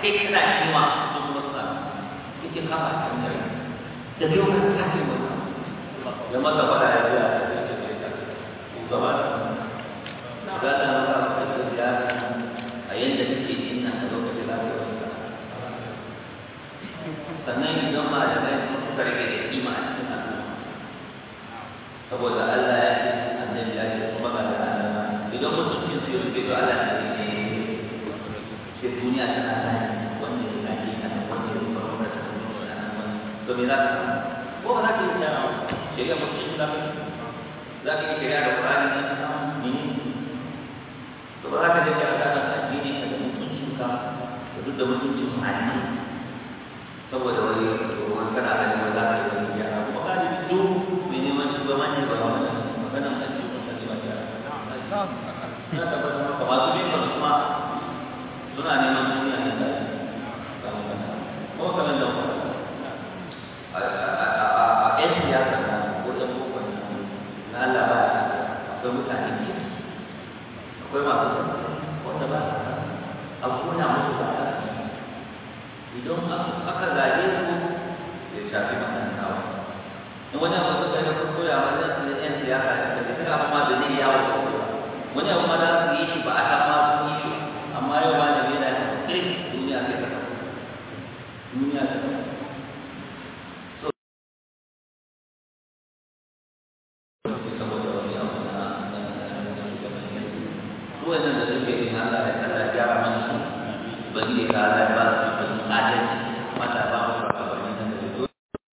现在希望，做做做，已经换了环境了。这对我们太重要了。我 u h a n